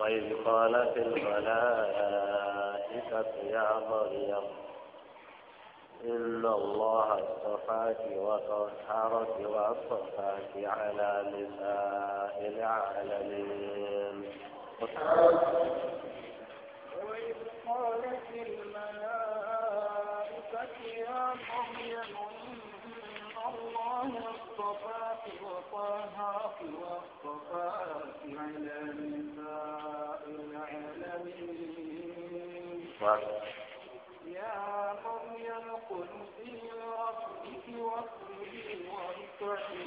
وإذ قالت الملائكة يا مريم إن الله اصطفاك وطهرك واصطفاك على نساء العالمين وإذ قالت الملائكة يا مريم الله اصطفاك وطهاك واصطفاك على نساء العالمين يا مريم قلتي لربك واسجدي واركعي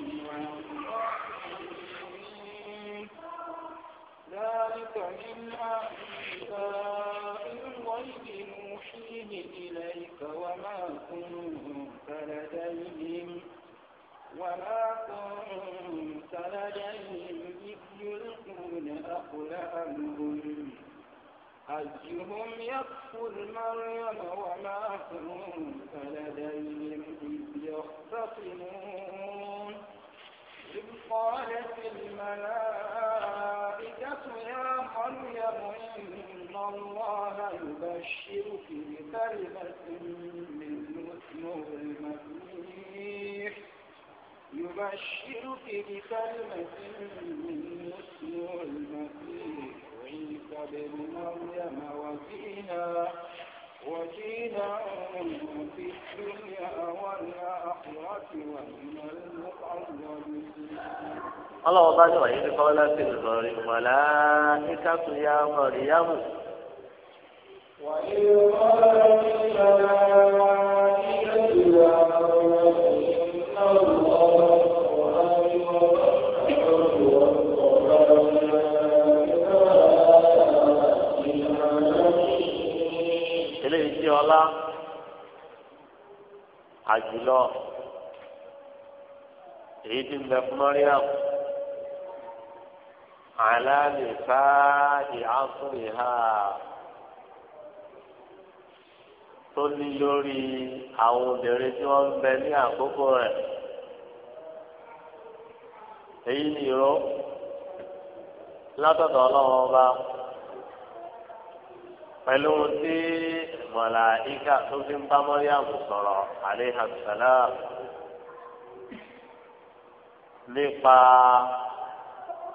ذلك من أنباء الغيب نوحيه إليك وما كنت لديهم وما كنت لديهم إذ يلقون أقلامهم أيهم يكفر مريم وما كنت لديهم إذ يختصمون إذ قالت الملائكة يا مريم إن الله يبشرك بكلمة من اسمه المسيح يبشرك بكلمة من اسمه المسيح عيسى بن مريم وزينا وزينا في الدنيا والآخرة ومن المقربين. الله أبدا وإذ قالت الملائكة يا مريم àjùlọ èyí tí ń bẹ fún Mariam àlàlẹ fáà ìhásùn ìhà tó ní lórí àwọn obìnrin tí wọ́n ń bẹ ní àkókò rẹ̀ èyí ni ìró látọ̀dọ̀ ọlọ́run ọba pẹ̀lú tí mọ̀lá ìka tó fi ń bá mọ́ríàmù sọ̀rọ̀ àléhà sàlám nípa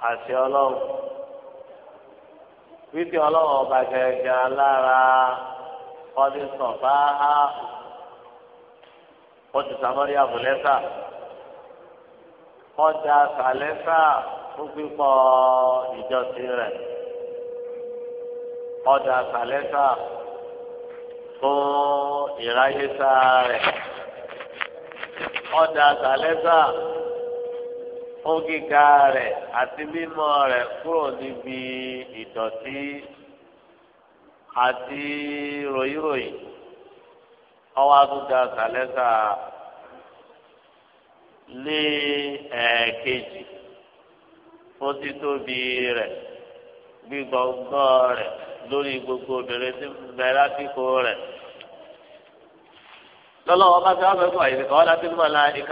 àṣẹ ọlọ́run wípé ọlọ́run ọba gẹ́gẹ́ alára kọ́dí sọ̀fà á ó ti sàmọ́rí àbùlẹ́sà kọ́dà sàlẹ́sà fún pípọ̀ ìjọsìn rẹ̀ kọ́dà sàlẹ́sà fún ìráyésà rẹ̀ kọ́dà sàlẹ́sà fún gíga rẹ̀ àti mímọ́ rẹ̀ kúrò níbi ìdọ̀tí. àti ròyìnròyìn ọwọ́ àtúntà kàlẹ́sà lé ẹ̀ẹ́kejì ó ti rẹ̀ gbígbọ́ngbọ́ rẹ̀ lórí gbogbo obìnrin tí bẹ lásìkò rẹ̀ lọ́lọ́wọ́ bá ti wá fẹ́ fún àyè kọ́ láti mọ̀ láyé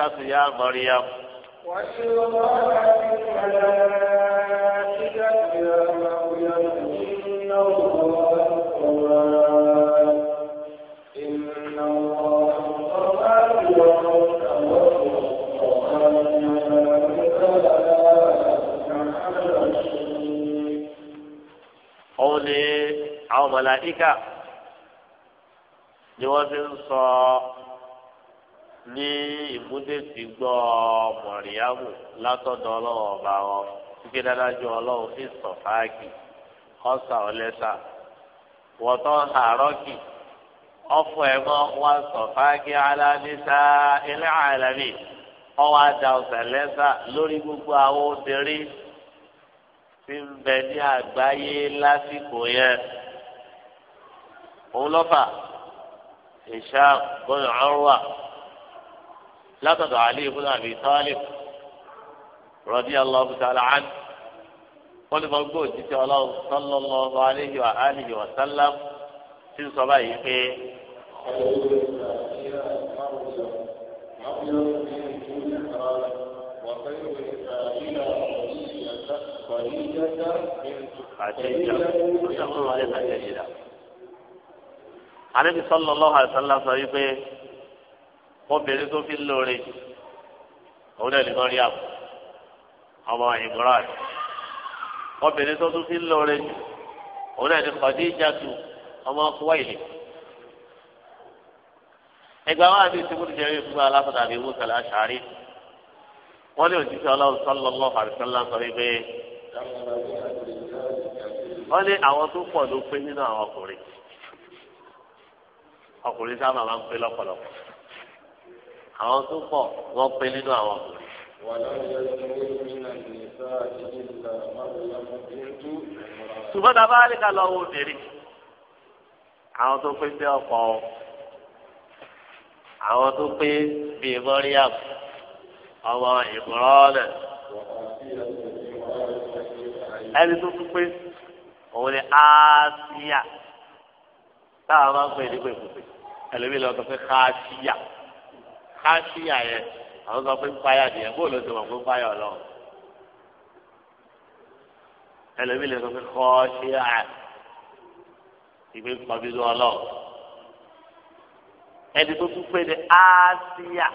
àwọn màláíkà ni wọ́n ti ń sọ ní ìmúdèsí gbọ́ mọ̀ríyámù látọ̀dọ̀ ọlọ́wọ́ ọba wọn wípé dájú ọlọ́run fi sọ fáàkì ọ̀sà ọ̀lẹ́sà wọ́tọ́ àárọ̀kì ọ̀fọ̀ ẹ̀mọ́ wọn sọ fáàkì alánisa ilé àlàmì ọwọ́ àdá ọ̀sà lẹ́sà lórí gbogbo àwọn obìnrin tí ń bẹ ní àgbáyé lásìkò yẹn. òun lọ́fà Hisham bọ́n Urwa látọ̀dọ̀ Ali ibn Abi Talib radiyallahu ta'ala anhu wọ́n ní wọ́n gbọ́ òjijì ọlọ́run sallallahu alayhi wa alihi wa sallam tí ń sọ báyìí pé. àti ìjà ọ̀sán fún wa lẹ́sà jẹ́ ìjà. ànábi sallallahu alaihi wasallam sọ wípé obìnrin tó fi lóore òun náà ní Maryam ọmọ Imran obìnrin tó tún fi lóore òun náà ní Khadijatu ọmọ Khuwaylid ẹgbẹ́ àwọn àti ìsìnkúrú jẹ́rìí fún wa aláfọ̀dà àbí musa aláṣàárí wọ́n ní òjíṣẹ́ ọlọ́run sọ́lọ́lọ́ àbísọ́lá sọ wípé wọ́n ní àwọn tó pọ̀ ló pé nínú àwọn ọkùnrin ọkùnrin sábà máa ń pé lọ́pọ̀lọpọ̀ àwọn tó pọ̀ wọ́n pé nínú àwọn ọkùnrin. ṣùgbọ́n tá a bá rí ká lọ wo obìnrin àwọn tó pé bí ọ̀pọ̀ o àwọn tó pé bíi mọ́ríyàmù ọmọ ìmọ̀rọ́lẹ̀ ẹni tó tún pé òun ni áásíà táwọn máa ń pè nípa ìkùpè ẹlòmíì lọ sọ pé káṣíyà káṣíyà yẹn àwọn sọ pé ń páyà nìyẹn bó ló ti mọ̀ pé ń ọlọ́run ẹlòmíì lè sọ pé kọ́ṣíyà ìgbé kọbí lọ ọlọ́run ẹni tó tún pé ní áṣíyà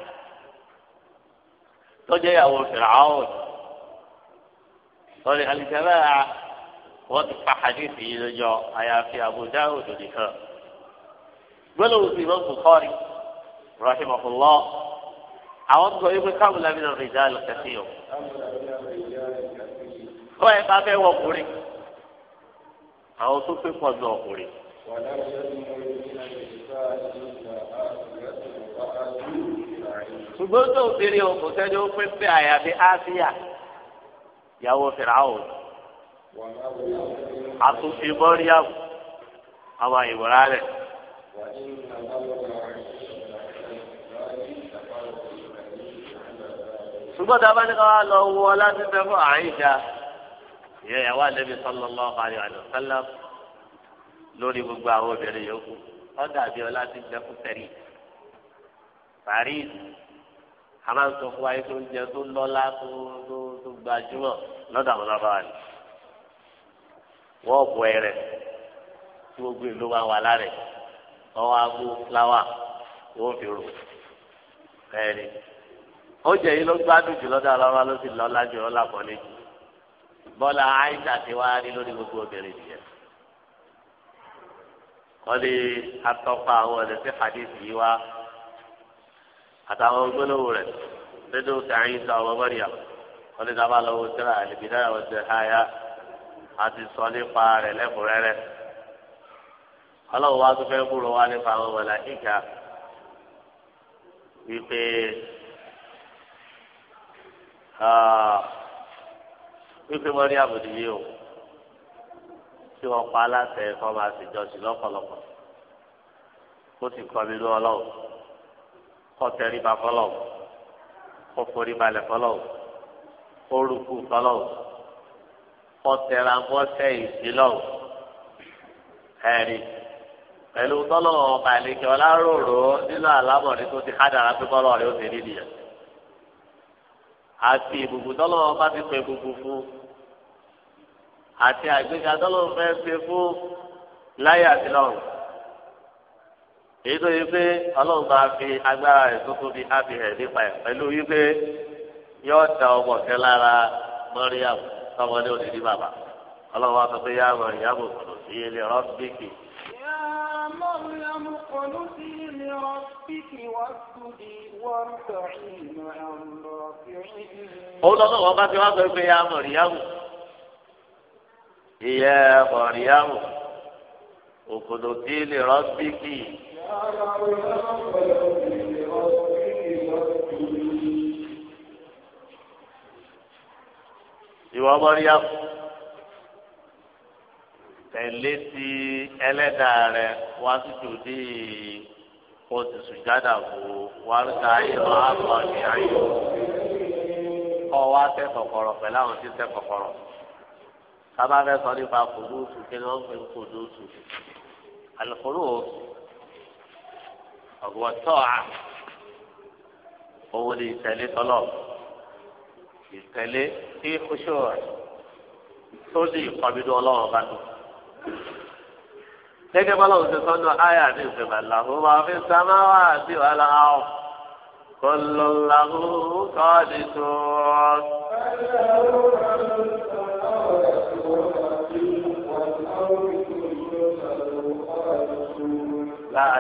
tọ́jú ìyàwó fìràwọ̀ sọ̀rọ̀ àlìjẹ́rẹ́ wọ́n ti pa hadith yìí lọ́jọ́ àyàfi Abu Dawud nìkan gbọ́dọ̀ sí ìmọ̀ Bukhari rahimahullah àwọn tó yẹ pé káwọn làbí náà rìn dáàlù kẹsì o. kọ́ ẹ bá fẹ́ wọ ọkùnrin àwọn tó pé pọ̀ nù ọkùnrin. ṣùgbọ́n tó obìnrin o kò sẹ́ni ó pé pé àyàfi áfíà ìyàwó fìràwọ̀ àtúnṣe mọ́ríyàwó àwọn ìwòrán rẹ̀ ṣùgbọ́n tá a bá ní ká wá lọ wọ láti fẹ́ fún àyíṣà ìyá ìyàwó àlẹ́bí sallallahu alaihi wa sallam lórí gbogbo àwọn obìnrin yòókù wọ́n dàbí ọ láti jẹ́ fún Paris Paris a máa ń sọ fún ayé tó ń jẹ tó lọ́lá tó tó tó gbajúmọ̀ lọ́dọ̀ àwọn lọ́bàá rẹ̀ wọ́n bọ̀ ẹ̀rẹ̀ tí gbogbo ìlú wa wà lára ẹ̀ ọwọ́ agbó fúláwà yóò fi rò ẹni oúnjẹ yìí ló gbádùn jù lọ́dọ̀ ọlọ́wọ́ ló sì lọ́lá jù lọ́lá pọ̀lẹ́ jù bọ́lá àìsà ti wá rí lórí gbogbo obìnrin nìyẹn wọ́n lè atọ́pa àwọn ọ̀dẹ̀ sí hadith yìí wá àtàwọn gbólóhùn rẹ̀ nínú sàáyìn sọ ọmọ mọ́ríà wọ́n lè dábàá lọ́wọ́ síra àlùbídà ọ̀sẹ̀ háyà àti sọ nípa rẹ̀ lẹ́kùnrẹ́rẹ́ ọlọ́run wa tó fẹ́ gbúrò wá nípa àwọn màláíkà wípé wípé wọ́n rí àbòdì yìí o tí wọ́n pa aláṣẹ kọ́ máa sì jọ́sìn lọ́pọ̀lọpọ̀ kó sì kọ́ mi lú ọlọ́run kọ́ tẹríba fọlọ́run kọ́ forí balẹ̀ fọlọ́run kọ́ rúkú fọlọ́run kọ́ tẹra bọ́sẹ̀ ìsílọ́run ẹ̀rí. pẹ̀lú tọ́lọ̀ ọba ìlẹ̀kẹ́ ọláròrò nínú àlámọ̀rí tó ti hádàrá pé bọ́lọ̀ rẹ̀ ó ti rí nìyẹn. àti ìbùkún tọ́lọ̀ ọba ti pè gbogbo fún àti àgbéga tọ́lọ̀ fẹ́ ṣe fún láyé àti lọ́rùn. èyí tó yẹ pé ọlọ́run bá fi agbára rẹ̀ tó tóbi á fi hẹ̀ nípa ẹ̀ pẹ̀lú yóò da ọmọ lára فقنتي لربك واسجدي واركعي مع الراكعين قول الله وقت وقت يا مريم يا مريم اقنتي لربك ìwọ mọ́ríyàmù tẹ̀lé ti ẹlẹ́dàá rẹ̀ wá sí tòdí kó ti sùjádà kó wá ká ìlú àbọ̀ ní ayò kọ́ wá tẹ́ kọ̀kọ̀rọ̀ pẹ̀lú àwọn tí tẹ́ kọ̀kọ̀rọ̀ sábà fẹ́ sọ nípa kòdóòtù kí wọ́n fi kòdóòtù alùpùpù ọ̀gbọ̀n tọ́à owó ni ìtẹ̀lé tọ́lọ̀ ìtẹ̀lé tí kúṣọ́ tó ní ìkọ́bídọ́ ọlọ́run bá dùn gẹ́gẹ́ bá lọ́wọ́ ṣe sọ́nù ayé àti ìṣẹ̀lẹ̀ làwọn máa fi samáwá àti wàhálà áwọ̀ kò lọ làwọn kọ́ọ̀dì tó.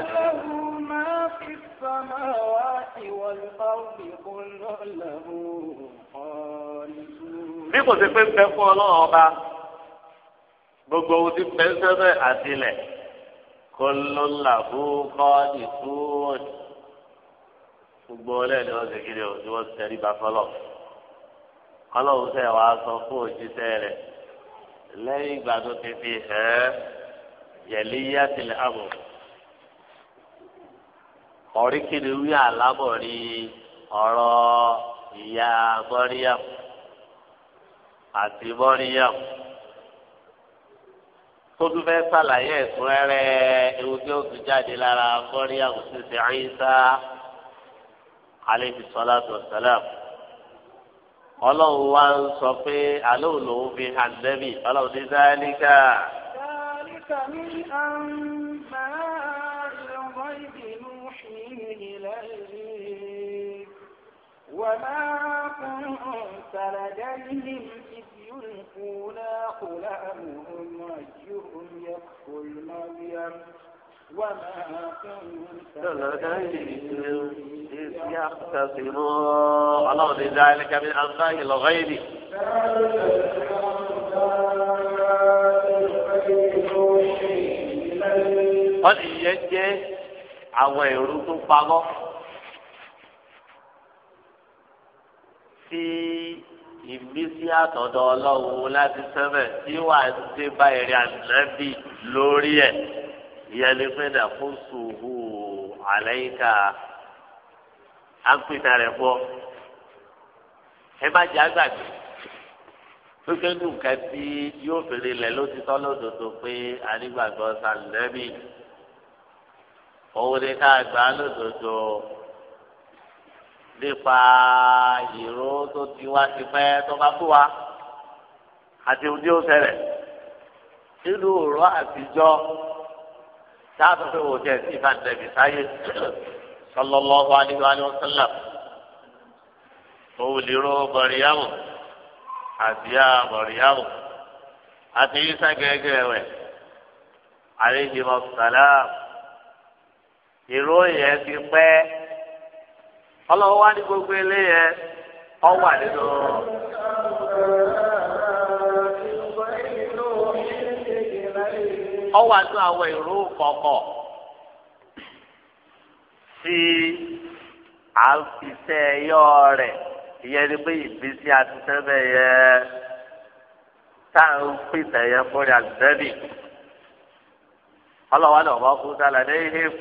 له ما في السماوات والأرض كل له قانتون. bí kò ṣe pé ń bẹ fún ọlọ́run ọba gbogbo ohun tí pẹ́ńsẹ́fẹ́ àtìlẹ̀ kó ló ń là fún kọ́ọ̀dì fún gbogbo ọlẹ́ni wọn ṣe kiri òun tí wọ́n tẹ̀lé bá fọlọ́ ọlọ́run sẹ́ wàá sọ fún òjíṣẹ́ rẹ̀ lẹ́yìn ìgbà tó ti fi hẹ́ yẹ̀lí yá tilẹ̀ àbọ̀ ọ̀rí kiri wí àlábọ̀ rí ọ̀rọ̀ ìyá bọ́ríyàm àti bọ́ríyàm tó tún fẹ́ sàlàyé ẹ̀kúnrẹ́rẹ́ ewu tí ó tún jáde lára mọ́ríyá òṣìṣẹ́ àyíṣá aleyhi salatu wa salam ọlọ́run wá ń sọ pé àlọ́ òun fi hàn dẹ́bì ọlọ́run ní dáríkà. dáríkà ní àǹbá يلقون أقلامهم أيهم يكفل مريم وما كنت لديهم إذ يختصمون الله ذلك من أنباء الغيب wọ́n ìyẹn jẹ́ àwọn èrú tó pamọ́ sí. ìmísí àtọ̀dọ̀ ọlọ́run láti sẹ́mẹ̀ tí wà á dé bá ẹ̀rẹ́ ànábì lórí ẹ̀ ìyẹn ni pé nà fún sùhù àlẹ́yìnká àpìtà rẹ̀ pọ̀ ẹ má jẹ́ àgbàgbé gbogbo ẹnu nǹkan tí yóò fèrè lẹ̀ ló ti tọ́ lódodo pé anígbàgbọ́ sàlẹ́bì òun ni ká gbà lódodo nípa ìró tó ti wá ti pẹ́ tó bá kú wa àti ohun tí ó ṣẹlẹ̀ nínú òró àtijọ́ sáàtò pé wò jẹ́ sí ìfàǹdẹ̀bì sáyé sallallahu alaihi wa sallam òun lèrò bọ̀rìyàwó àbíyá bọ̀rìyàwó àti yíṣà gẹ́gẹ́ rẹ̀ àlejò ọ̀sálà ìró yẹn ti pẹ́. ọlọ́wọ́ wá ní gbogbo eléyẹ ọwà nínú. ọwà nínú àwọn ìró kọ̀ọ̀kọ̀ tí a fi rẹ̀ ìyẹn ni pé ìbísí àtisẹ́ bẹ́ẹ̀ yẹ tá ń pèsè fúnra kú sálẹ̀ ní ìhìn.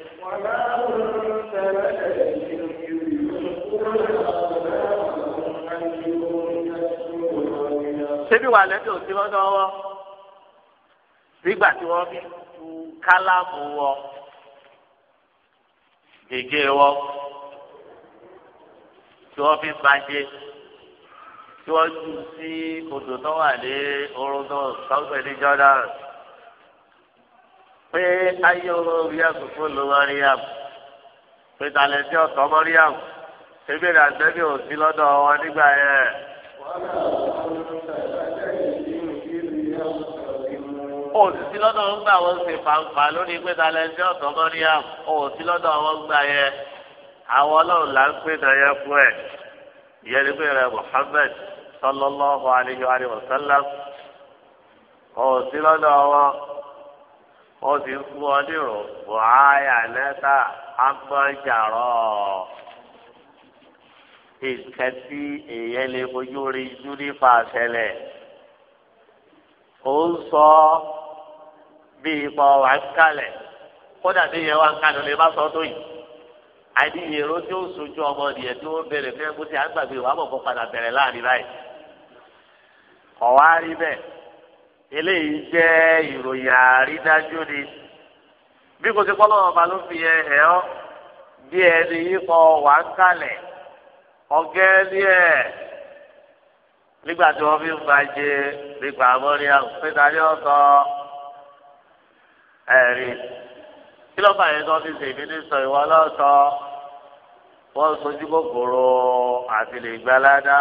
ṣebí wà lẹ́dọ̀ òsì lọ́dọ̀ wọn nígbà tí wọ́n fi tu kálámù wọn gègé wọn tí wọ́n fi bàjẹ́ tí wọ́n jù sí odò tó wà ní orúkọ sọ́gbẹ́ ní Jordan pé ayé orí àkókò ló wá pé talẹ̀ tí ọ̀tọ̀ mọ́ rí àbù òsì lọ́dọ̀ wọn nígbà yẹn òsì lọ́dọ̀ wọn gbà wọ́n ṣe fàǹfà lórí pé ta lẹ́sẹ̀ ọ̀tọ̀ mọ́ríyàm òsì lọ́dọ̀ wọn gbà yẹ àwọn ọlọ́run là ń pè dọ̀yẹ fún ẹ̀ ìyẹn ni pé rẹ Muhammad sallallahu alayhi wa sallam òsì lọ́dọ̀ wọn òsì ń fún ọ nírò buhaya lẹ́tà agbọ́njàrọ̀ nǹkan tí èèyàn lè fojú rí júlífà ṣẹlẹ̀. O ń sọ bí ipò wà ń kalẹ̀ kódà bí yẹn wà ń kalẹ̀ lè má sọ tó yìí tí ó sojú ọmọ nìyẹn ó kó ti àgbàgbé wàá bọ̀ padà bẹ̀rẹ̀ láàrin báyìí ọ̀wá rí bẹ́ẹ̀ eléyìí jẹ́ ìròyìn àrídájú ni bí kò sí kọ́lọ́ ọba ló fi yẹ ẹ̀ ọ́ bí ẹni yìí kọ́ wà ń kalẹ̀ ọ̀gẹ́ ẹ̀. nígbà tí wọ́n fi ń bàjẹ́ nípa àmọ́rí àpẹtàlẹ́ ọ̀tọ̀ ẹ̀rí kí ló bá yẹn tó fi ṣèbí ní sọ ìwọ lọ́sọ wọ́n sojú kòkòrò àti lè gba ládá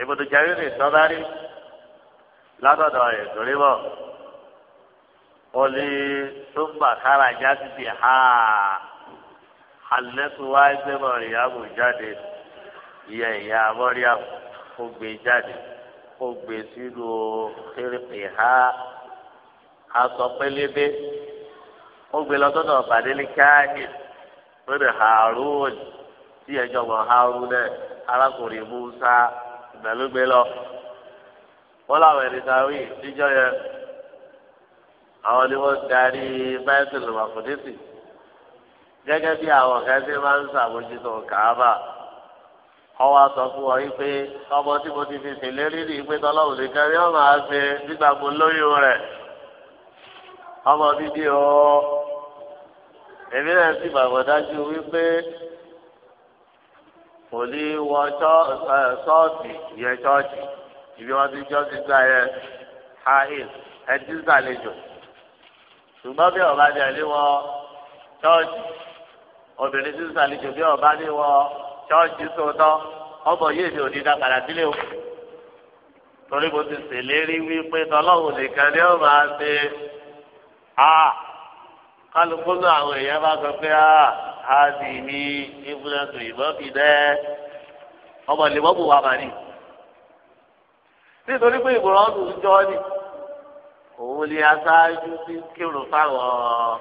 ìbùdó jẹ́rí ní sọ́dárí látọ̀dọ̀ ìtòrí bọ̀ ó lè tó ń bà kára jáde sí ha alẹ́ tó wá ẹgbẹ́ mọ̀rìyàmù jáde ìyẹn ìyá mọ́ríyàmù kó gbé jáde kó gbé sílùú kérépè ha aṣọ pélébé ó gbé lọ sọ́dọ̀ bàdélé káàdì lórí Harun tí ẹjọ́ mọ̀ Harun náà arákùnrin Musa ìgbàlógbé lọ wọ́n làwọn ẹni sáré níjọ́ yẹn àwọn ni wọ́n darí báyìí tó lè wà fún nísì gẹ́gẹ́ bí àwọn kan ṣe máa ń ṣàmójútó kàábà ọwọ́ aṣọ fún ọ yìí pé ọmọ tí mo ti fi ṣèlérí rí pé tọ́lọ́wù lè kẹ́rí ọmọ àṣẹ nígbà mo lóyún rẹ̀ ọmọ bíbí o èmi náà sì bàbọ̀ dájú wípé kò ní wọ ṣọ́ọ̀ṣì yẹn ṣọ́ọ̀ṣì ibi wọn ti jọ́ ti gbà yẹn hail ẹtí ṣàlejò ṣùgbọ́n bí ọba jẹ̀lé wọ ṣọ́ọ̀ṣì obìnrin ti ṣàlejò bí ọba ní wọ ṣọ́ọ̀ṣì sọ̀tọ̀ ọbọ̀ yìí ni òní dàgbàdà sílé o torí mo ti ṣèlérí wípé tọ́lọ́hùn nìkan ni ó máa ṣe a kálukú náà àwọn èèyàn bá sọ pé a a sì ní ìfúnẹ̀tò ìbọn fi dẹ́ ọmọ ìlẹ́mọ́bù wa mà ní. nítorí pé ìbòrò ọdún jọ ni òun ni aṣáájú ti kírun fáwọn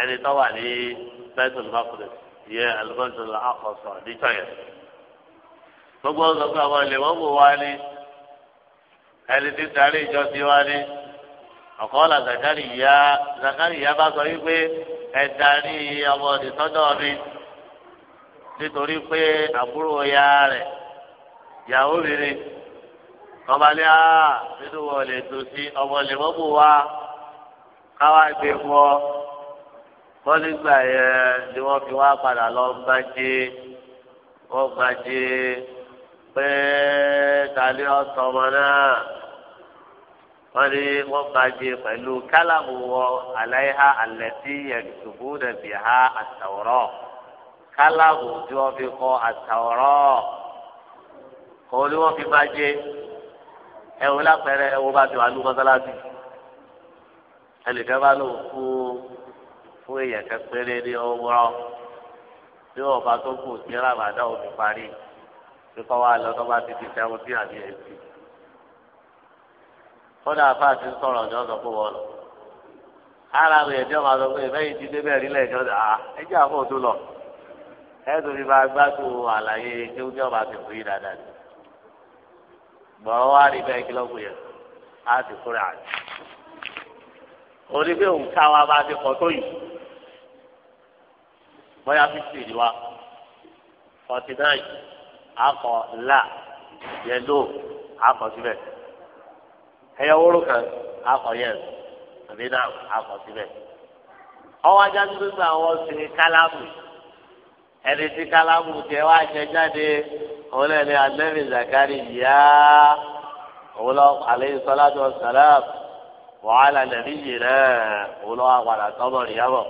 ẹni tó wà ní bẹ́tùlù mọ́kùnrin yẹ alùpàdùn àkọsọ níjọ́ yẹn gbogbo ọgbà àwọn ilé wọn bò wá ní ẹni tí darí ìjọ sí wá ní ọ̀kọ́lá zakariya zakariya bá sọ wípé ẹ darí ọmọ ìsọdọ̀ mi nítorí pé àbúrò ya rẹ̀ yàwó rere kọ́balẹ́ á nínú wọlé tó sí ọmọ ìlẹ̀wọ́n bò wá káwá gbé fún wọ́n nígbà yẹn ni wọ́n fi wá padà lọ gbajé wọ́n gbajé pé tàlẹ́ ọ̀sán ọmọ náà wọ́n ní wọ́n gbajé pẹ̀lú kálàmù wọ aláìhá alẹ́tí yẹ̀dùkú nàbì ha àtàwọ̀rọ̀ kálàmù tí wọ́n fi kọ́ àtàwọ̀rọ̀ kò ní wọ́n fi gbajé ẹ̀wọ̀n lápẹ̀rẹ̀ ẹ̀wọ̀n bá ti wà lù mọ́sálásí ẹnìkan bá lò fún fún èèyàn kan péré ní ọwọ́ bí wọn bá tó kù sí ramadan ó ti parí kíkọ́ wa lọ tó bá ti di seventeen àbí eighteen kódà fáàtì ń sọ̀rọ̀ ọjọ́ sọ fún wọn lọ ara rẹ̀ ẹ̀jẹ̀ máa sọ pé ìbẹ́yìn ti débẹ̀ rí lẹ́ẹ̀jọ́ dà á ẹjẹ́ àbọ̀ tó lọ ẹ̀sùn mi máa gbádùn àlàyé kí ó ní ọba ti fún yín dáadáa ni gbọ́n wá rí bẹ́ẹ̀ kí lọ́kùn yẹn á ti bóyá fífi ni wa forty nine akọ la yẹlo akọ síbẹ̀ ẹyẹ wóró kan akọ yẹn àbí náà akọ síbẹ̀ ọwọ́ ajá tó gbà wọ́n ṣe kálámù ẹni tí kálámù tiẹ̀ wá ṣe jáde òun náà ni anabi zakari yá òun lọ aleyhi sọlá tó sàlám wàhálà nàbí yìí náà òun lọ wà padà sọmọ nìyàwó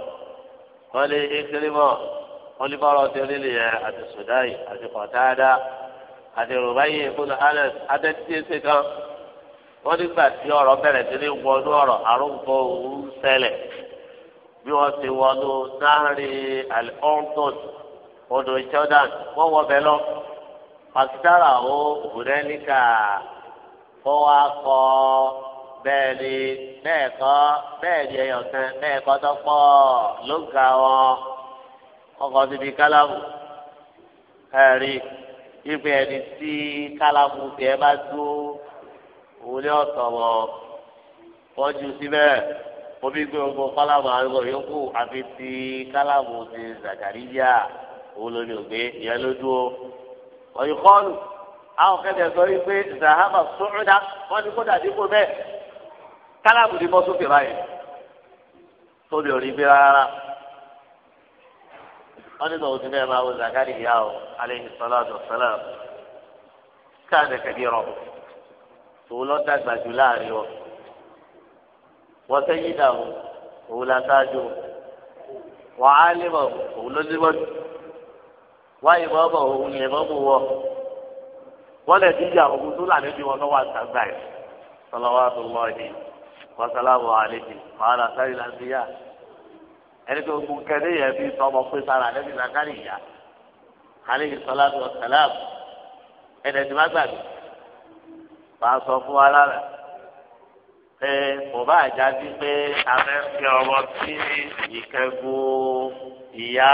wọ́n lé ekirimọ̀ wọ́n lé bọ́ọ̀rọ̀ tí orí lè yẹ àti sudai àti kọ̀tàdá àti rubayi ìfúnnu anas adẹ́tíyèsè kan wọ́n nígbà tí ọ̀rọ̀ bẹ̀rẹ̀ sí ní wọnú ọ̀rọ̀ àrùnkọ òun ṣẹlẹ̀ bí wọ́n ti wọnú nahari al odò jordan wọ́n wọ bẹ́ẹ̀ lọ pàṣípàrọ̀ àwọn òbúrẹ́nìkà kọ́ wa kọ́ bẹ́ẹ̀ ni bẹ́ẹ̀ kọ́ bẹ́ẹ̀ ni ẹyọ kan bẹ́ẹ̀ kọ́ tó pọ̀ ló ń ga wọn ọkọ̀ síbi kálámù ẹ̀rí ibi ẹni tí kálámù tiẹ̀ bá dúró òun ni ọ̀sọ̀ wọ́n ju síbẹ̀ omi gbé gbogbo kálámù àrùkọ yòókù àfi ti kálámù ti Zakariya òun ló ní ògbé ìyẹn ló dúró ọ̀yìn kọ́ọ̀lù àwọn kẹ́tẹ̀ sọ wípé zahaba sọ́ọ̀dá wọ́n ti kó dàdí kó bẹ́ẹ̀ kálámù ti bọ́ sókè báyìí tó lè rí bí rárá wọ́n ní sọ̀rọ̀ sílẹ̀ máa wo zakari ìyá o aleyhi salatu salam káàdì kẹ̀kẹ́ rọ̀ tòun lọ dàgbà jù láàrin wọn wọ́n sẹ́yìn dà òun la sáájú wọ́n á lé bọ̀ òun ló dé bọ́ jù wáyé bọ́ bọ̀ òun yẹn bọ́ bù wọ́ wọ́n lè díjà òun tó là níbi lọ́wọ́ àtàgbà yìí sọlọ́wọ́ àtúnwọ́ yìí wasalamu alayhi maala sari lanbiya ẹni tó kún kẹ́lé yẹn bí sọmọ pé sára ẹni zakari yá alayhi salatu wa salam ẹni ẹni má gbàgbé wàá sọ fún wa lára pé kò bá àjà sí pé afẹ́fẹ́ ọmọ sí ìkẹ́gun ìyá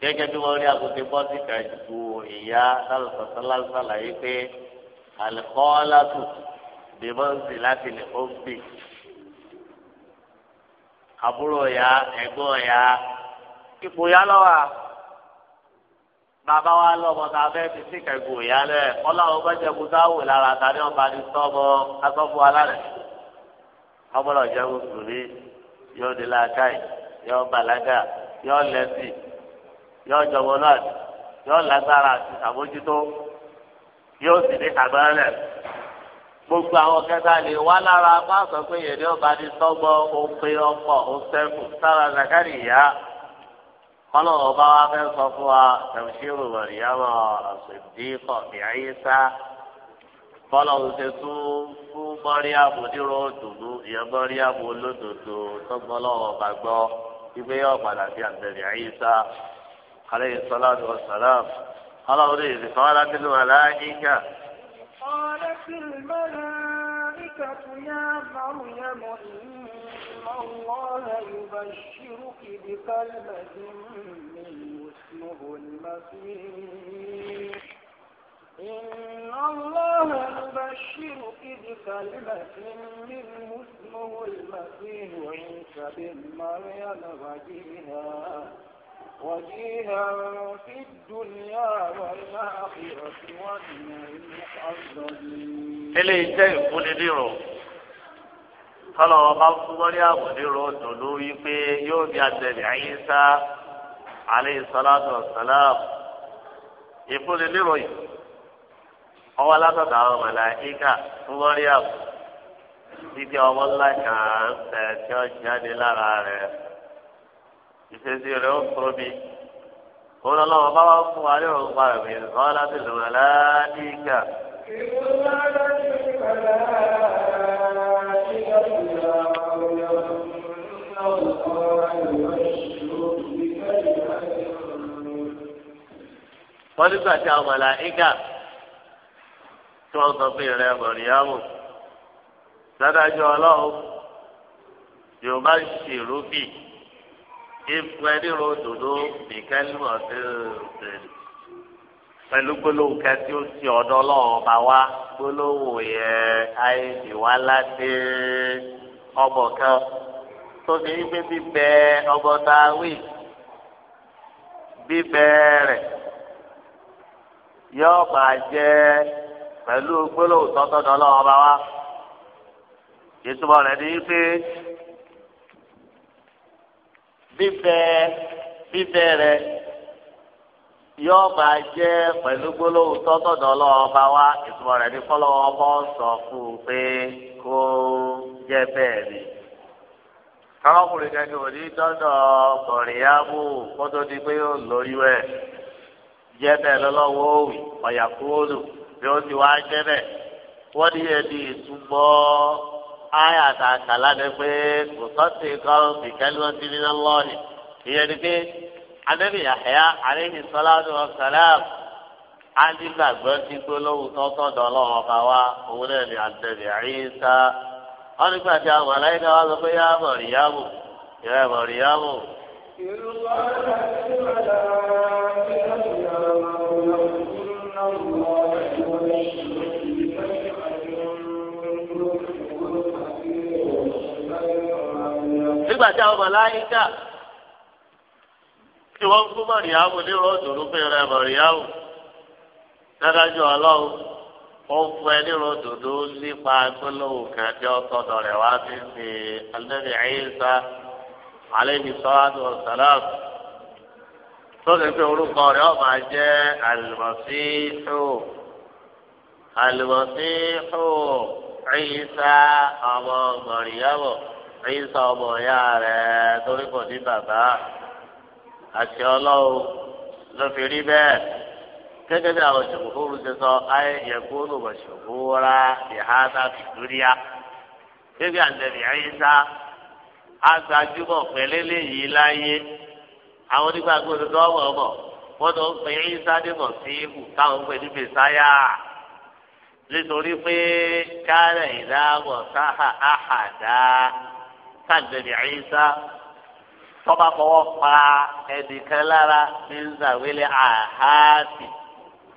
gẹ́gẹ́ bí wọ́n rí àgùntàn bọ́sì kẹ́jú ìyá sálùsọ̀sálásálà yìí pé àlùkò ọ̀làtù bímọ́nsì láti lè ó gbè àbúrò ya ẹ̀gbọ́n ya ipò ya lọ́wọ́ bàbá wa lọ́mọ tá a fẹ́ fi sí kẹ̀kọ́ ìyá lẹ̀ ọlọ́run bá jẹ́ kúta wò lára tàbí ọba ní sọ́mọ asọ́fún alárẹ̀ ọmọlọ jẹ́ mùsùlùmí yóò di làákàyè yóò bàlágà yóò lẹ́sìn yóò jọmọ náà yóò lágbára àti àmójútó yóò sì ní àgbára lẹ̀ gbogbo àwọn kẹta lè wá lára bá sọ pé yẹ̀dí ọba ní sọ́gbọ́ òpè ọkọ̀ òsẹ́kù sára zakari ìyá ọlọ́run ọba wa fẹ́ sọ fún wa tẹ̀síìrù rẹ̀yàmọ̀ ṣèdíkọ̀ bíáyísá bọ́lọ́run ṣe tún fún mọ́ríàmù nírò òdòdó ìyẹn mọ́ríàmù olódòdó tọ́gbọ́n ọlọ́run ọba gbọ́ ibẹ̀ yóò padà sí àtẹ̀lẹ̀ àyíṣá aleyhi sọlá ọlọ́run lè rí قالت الملائكة يا مريم إن الله يبشرك بكلمة منه اسمه المسيح إن الله يبشرك بكلمة منه اسمه المسيح عيسى بن مريم وجيها وجيها في الدنيا والآخرة ومن المحضرين. إلي جاي فولي kọlọ́wọ́ bá fún mọ́ríàmù nírò dùnú wípé yóò bí àtẹ̀lé àyíṣá aleyhi salatu wa salam ìfúnni nírò yìí ọwọ́ alátọ̀dá àwọn màláíkà fún mọ́ríàmù títí ọmọ ńlá kan tẹ̀ tí ó jáde lára rẹ̀ ìṣesí rẹ̀ ó kúrò mi òun ọlọ́wọ́ bá wà fún wa ní òun parẹ̀ mi nǹkan láti lò wọ́n láàdìgà. wọ́n nígbà tí àwọn màláíkà tí wọ́n sọ pé ìrẹ́ mọ̀ríyámù dádájọ́ ọlọ́run yorùbá ṣèrú bíi ìfún ẹni ro dòdò nìkẹ́lù ọ̀sẹ̀ pẹ̀lú gbólóhùn kẹtí ó ti ọ̀dọ́ ọlọ́run bá wá gbólóhùn yẹ àìsí wá láti ọbọ kan tó ti ń gbé bíbẹ ọbọ táwí bíbẹ rẹ yóò máa jẹ pẹ̀lú gbólóhùn tọ́tọ́ ọlọ́run wá ìtumọ̀ rẹ̀ ni pé. bíbẹ bíbẹ rẹ yóò máa jẹ pẹ̀lú gbólóhùn tọtọdọ lọ́wọ́ bá wa ìtumọ̀ rẹ̀ ní fọlọwọ ọmọ sọ fún un pé kó jẹ dọdọ kótó di pé yóò lóyún jẹ òwì kúrò bí ó ti wá jẹ ayé àtàkàlà ni pé kò sọ́ọ̀tì kan bìkẹ́lì wọn ti níná lọ́ọ̀nì ìyẹn ni pé anabi Yahya aleyhi salatu wa salam aligbàgbọ́ ti gbólóhùn nígbà tí àwọn màláyíkà tí wọ́n ń fún mọ̀rìyáwó nírọ̀ òdòdó pé rẹ mọ̀rìyáwó dájú ọlọ́run ó ń fún ẹ nírọ̀ òdòdó nípa gbólóhùn kan tí ó tọ̀dọ̀ rẹ̀ wá sí ti alẹ́bí ẹ̀yẹ́sà alẹ́bí sọ́wádùn ọ̀sálàm tó lè fi orúkọ rẹ̀ ó máa jẹ́ àlùmọ̀síhù àlùmọ̀síhù ẹ̀yẹ́sà ọmọ mọ̀rìyáwó ìsà ọmọ ìyá rẹ̀ torí kò ní bàbá àti ọlọ́run ló bẹ́ẹ̀ gẹ́gẹ́ bí àwọn ṣòkòrò ṣe sọ ayé yẹ̀kú lòbọ̀ ṣòkòrò ìhádà fìdúríà gẹ́gẹ́ àtẹ̀bí àyíṣà agbájúmọ̀ pẹ̀lẹ́ léyìí láyé àwọn onígbàgbọ́ òdodo ọmọ ọmọ wọ́n tó ń pè àyíṣà sí ibù táwọn pè ní bẹ̀sáyà nítorí pé kárẹ̀ ìdáwọ̀ sáhà áhàdá káàdìdì àyíṣá tọ́ba fọwọ́ pa ẹnìkan lára ní nzàwélé àháàtì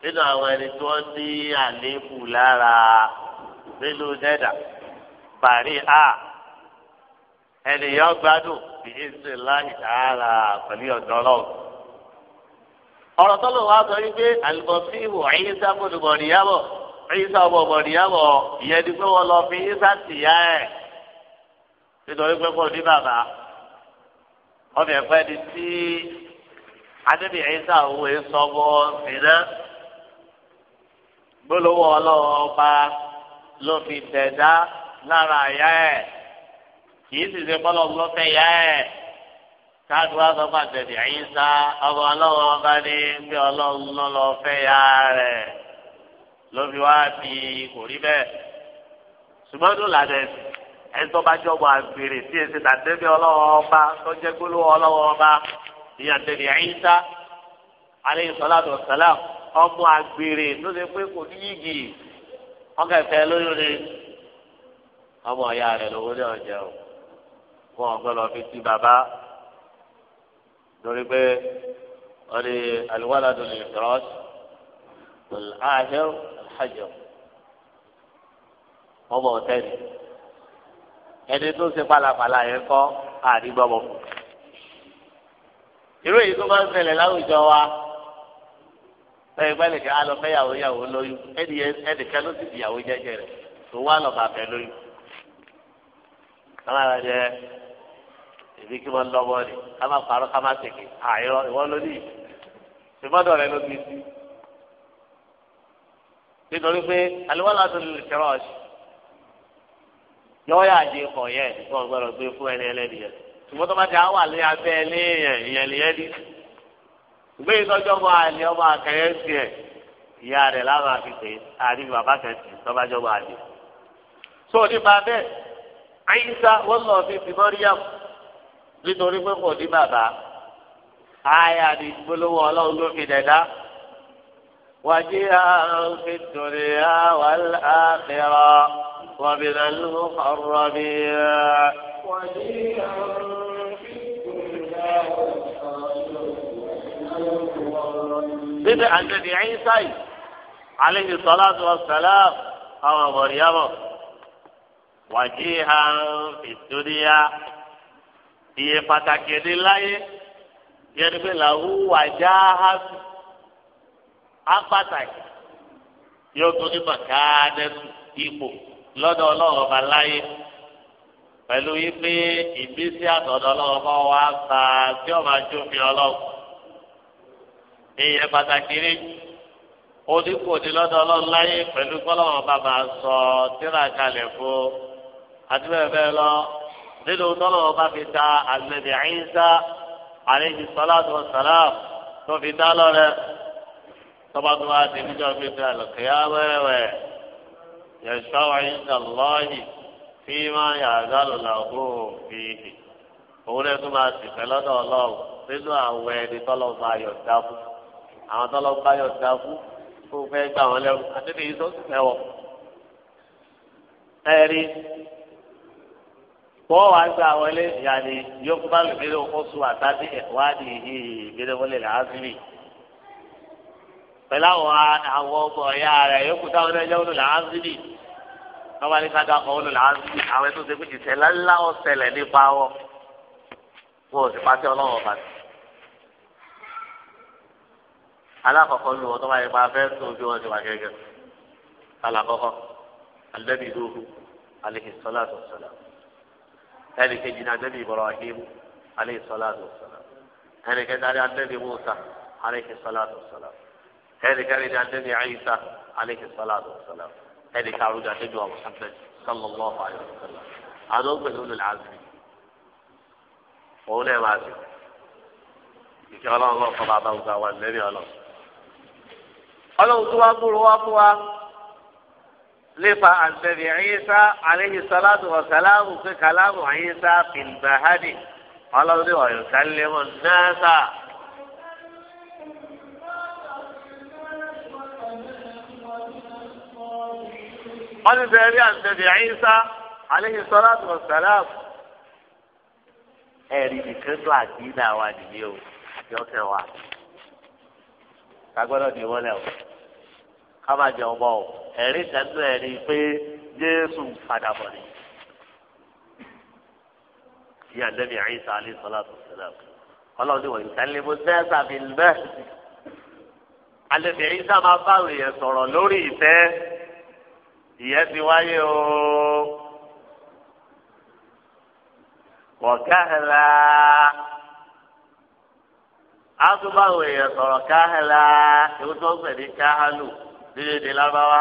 nínú àwọn ẹni tí wọ́n ní àléébù lára nínú nẹ́dà bàrí a ènìyàn gbádùn bí ẹsẹ̀ láì dára pẹ̀lú ọ̀dọ́ ọlọ́run. ọ̀rọ̀ tọ́lọ̀ wa sọ wípé àlùbọ̀síwò àyíṣá bọ̀dùbọ̀dìyàbọ̀ àyíṣá ọmọ bọ̀dìyàbọ̀ ìyẹn ni pé wọ́n lọ fi ìṣá tìyà ẹ̀ nítorí pé kò ní bàbá ọmọ ẹ̀fọ́ ẹni tí adébíyẹ ìsà owó ìsọmọ ìná gbólóhùn ọlọ́wọ́ ọba ló fi tẹ̀dá lára àyà ẹ̀ kìí sì ṣe bọ́lọ̀ lọ́fẹ̀ yá ẹ̀ káàdù wa sọ fún àtẹ̀dẹ̀ ìsà ọmọ ọlọ́wọ́ ọba ní pé ọlọ́run lọ́fẹ̀ yá rẹ̀ ló fi wá fi kò rí bẹ́ẹ̀ ṣùgbọ́n tó làdẹ̀sì ẹ̀ńtọ́ bá jọ̀bọ̀ àgbèrè tí èsì tàdébí ọlọ́wọ́ ọba tó jẹ́ gbólóhùn ọlọ́wọ́ ọba ìyàn tẹ̀lé ẹ̀yìntà aleyhi sọláàtọ̀ sàlám ọmọ àgbèrè tó ṣe pé kò ní yìgì ọkọ̀ ẹ̀fẹ́ lóyún ni ọmọ ọ̀yá rẹ̀ lówó ní ọ̀jẹ̀ o wọn ọ̀gbọ́n lọ fi ti bàbá lórí pé ọ̀rẹ́ àlùwàládùn lè tọ́sí ọ̀làhẹ́rù àjọ ọmọ ọ̀tẹ́ni ẹni tó ṣe pàlàpàlà yẹn kọ́ àdìgbọ́bọ̀. irú èyí tó máa ń ṣẹlẹ̀ láwùjọ wa bẹ́ẹ̀ gbẹ́lẹ̀ kí alọ fẹ́yàwó yàwó lóyún ẹnìkan ló sì di ìyàwó jẹ́jẹ́ rẹ̀ tó wá lọ́ba fẹ́ lóyún. kámá jẹ ìdí kí wọ́n lọ́wọ́ ni kámá parọ́ kámá tèké àìrọ́ ìwọ́n ló ní ìmọ̀dọ̀ rẹ ló ti sí. nítorí pé àlùwàlá tó lè kẹ́rọ̀ọ̀ṣì yọ yà di kọ yẹ kọ gbọ́dọ̀ gbé fún ẹni ẹlẹni yẹ ṣùgbọ́n tó bá ti àwọn àlẹ abẹ ẹlẹ yẹn ìyẹn nìyẹn ni ìgbé ìtọ́jú ọmọ àlẹ ọmọ akẹyẹ sí ẹ ìyá rẹ láwọn àfihàn àti bàbá kẹsì tọ́bájọ́ ọmọ àlẹ. sọ nípa bẹ́ẹ̀ àyíṣà wọ́n lọ fi ti mọ́ríyàmù nítorí pé kò ní bàbá àyà ni gbólóhùn ọlọ́run ló fi dẹ̀dá wàjíhà ń fi tòrè àwọn àfẹ́rọ́. ومن المقربين بدأ بدعة النبي عيسى عليه الصلاة والسلام أو مريم وجيها في الدنيا في فتاك الله يرمي له وجاها أفتاك يوتني مكانا إيمو lọ́dọ̀ ọlọ́run ọba láyé pẹ̀lú wípé ìbísí àtọ̀dọ̀ ọlọ́run ọba wa ta tí ọba jófin ọlọ́run ìyẹn pàtàkì rí odikodi lọ́dọ̀ ọlọ́run láyé pẹ̀lú kọ́lọ́run ọba máa sọ tíra kalẹ̀ fún àti bẹ́ẹ̀ bẹ́ẹ̀ lọ nínú tọ́lọ́run ọba fi ta àgbẹ̀dẹ̀ àyínsá àlejò sọlá tó sàlá tó fi dá lọ́rẹ́ tọ́ba tó wá di níjọ́ gbígbé àlọ́kẹ́yà wẹ́wẹ́ yẹ̀sọ́ ẹ̀yìn lọ́ọ̀yì fi máa yàrá lọ́gọ́ fi hì òun lè tún máa sìnkẹ́ lọ́dọ̀ ọlọ́run nínú àwọn ẹni tọ́lọ́ máa yọ̀ dá fún àwọn tọ́lọ́ bá yọ̀ dá fún kó fẹ́ gbà wọ́n lẹ́rù àtẹ́tẹ́ yìí tó sì fẹ́ wọ̀ ẹ̀rí wọ́n wá gba wọlé yàrá yókùbá lùmílẹ̀ oṣù àtàdé ẹ̀wádìí ìgbéléwọlé làásìrì pẹ̀lú àwọn àwọn ọmọ ọ̀yá rẹ̀ yókù táwọn ẹlẹ́jọ́ olùlà ázìlì wọ́n bá ní ká dákọ̀ olùlà ázìlì àwọn ètò ìsìnkú ìṣẹ̀ ńláńlá ọ̀sẹ̀lẹ̀ nípa wọn wọn ò sì pàṣẹ ọlọ́run ọ̀bà sí. alákọ̀ọ́kọ́ ni wọ́n tó máa yẹ pa fẹ́ tó bí wọ́n ti wà gẹ́gẹ́ alákọ̀ọ́kọ́ alẹ́bí lóhu aleyhi sọ́láàtù ẹnì kejì ní ẹnì kan ní adébí àyíṣà aleyhi salatu salam ẹnì kan arúgbó adébí wa muhammed sallallahu alayhi wa sallam àdó gbèsè olùlẹ̀ azmi òun náà máa ti ìkẹ́ ọlọ́run náà kọ́ bá bá gbogbo àwọn ẹlẹ́rìí ọlọ́run ọlọ́run tó wá múru wá fún wa nípa àtẹ̀bí àyíṣà aleyhi salatu wa salam pé kàlámù àyíṣà fìlbàhádì ọlọ́run ní ọ̀yọ̀ kálẹ́mọ̀ náà sáà. wọ́n ti fẹ́ rí àtẹ̀bí àyínsá alayhi salatu wa salam. ẹ̀rí nìkan tó àdínà wa nìyí o yọkẹ́ wa kagbọ́dọ̀ ní wọlé o ká má jẹun bọ́ o ẹ̀rí tẹ́lú ẹ̀rí pé Jésù padà bọ̀ ni. ìyá àtẹ̀bí àyínsá alayhi salatu wa salam ọlọ́run ni wọ́n yìí tẹ́lẹ̀ mo tẹ́ sàbí bẹ́ẹ̀. àtẹ̀bí àyínsá máa bá òye sọ̀rọ̀ lórí ìfẹ́. ìyẹn ti wáyé o wọ̀káhìlá àtúbáwò èèyàn sọ̀rọ̀ káhìlá ewu tó ń pè ní káhálù dídéde lábáwá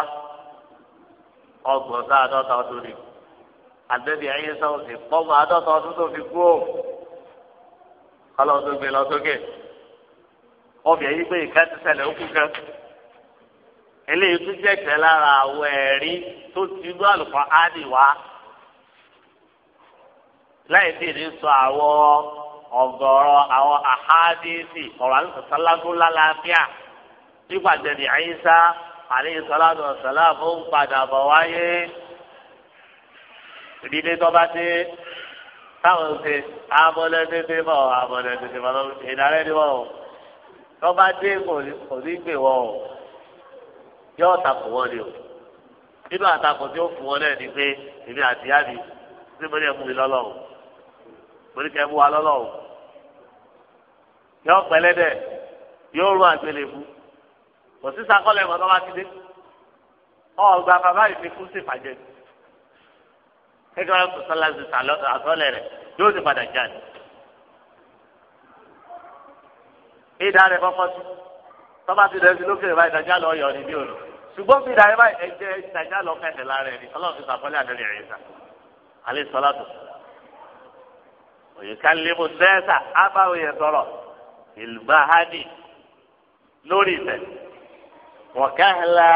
ọgbọ̀n sáà ọdún ni àdébí ayé sáwọn sì pọ́nmọ́ àdọ́ta ọdún tó fi kú o kọ́lọ́ gbé lọ sókè ọbẹ̀ yìí pé kan. eléyìí tún jẹ́kẹ̀ lára àwọn ẹ̀rí tó ti gbọ́ àlùkò áàdì wá láì sì ní sọ àwọn ọ̀gọ̀rọ̀ àwọn àhádìsì ọ̀rọ̀ àlùkò sálágún lálàáfíà nípàdé ní àyíṣá àlẹ́yìn sọ́láàdù ọ̀sálàmù ń padà bọ̀ wáyé ìdílé tọ́ba dé táwọn ṣe amọ̀lẹ́dẹ́dẹ́ mọ̀ amọ̀lẹ́dẹ́dẹ́ mọ̀ ìdárẹ́dẹ́ mọ̀ tọ́ba dé kò ní gbè wọ́n o yọ ọtakùn wọn ni o nínú àtakùn tí ó fún wọn náà ni pé èmi àti yá mi ṣé mo ní ẹ mú mi lọ́lọ́run mo ní kẹ́ mú wa lọ́lọ́run yọ pẹlẹdẹ yóò rún àgbélébú kò sí sakọlẹ mọ tọba ti dé ọgbà bàbá ìfikún sì fàjẹ kékeré sọlá ti sàlọ àtọlẹ rẹ yóò ti padà jáde ìdá rẹ kọkọ sí tọ́ba ti dẹ̀ sí lókè báyìí ìdájà lọ yọ ní bí òru ṣùgbọ́n bí ìdájà báyìí ẹ̀jẹ̀ ìdájà lọ kẹsẹ̀ lára ẹni ọlọ́run ti sàkọ́lé àdéhùn ẹ̀yẹ sà alẹ́ sọlá tó òye kálí mo sẹ́ẹ̀sà ábáwò yẹn sọ̀rọ̀ ìlúbáhádì lórí ìfẹ́ wọ̀kẹ́hìlá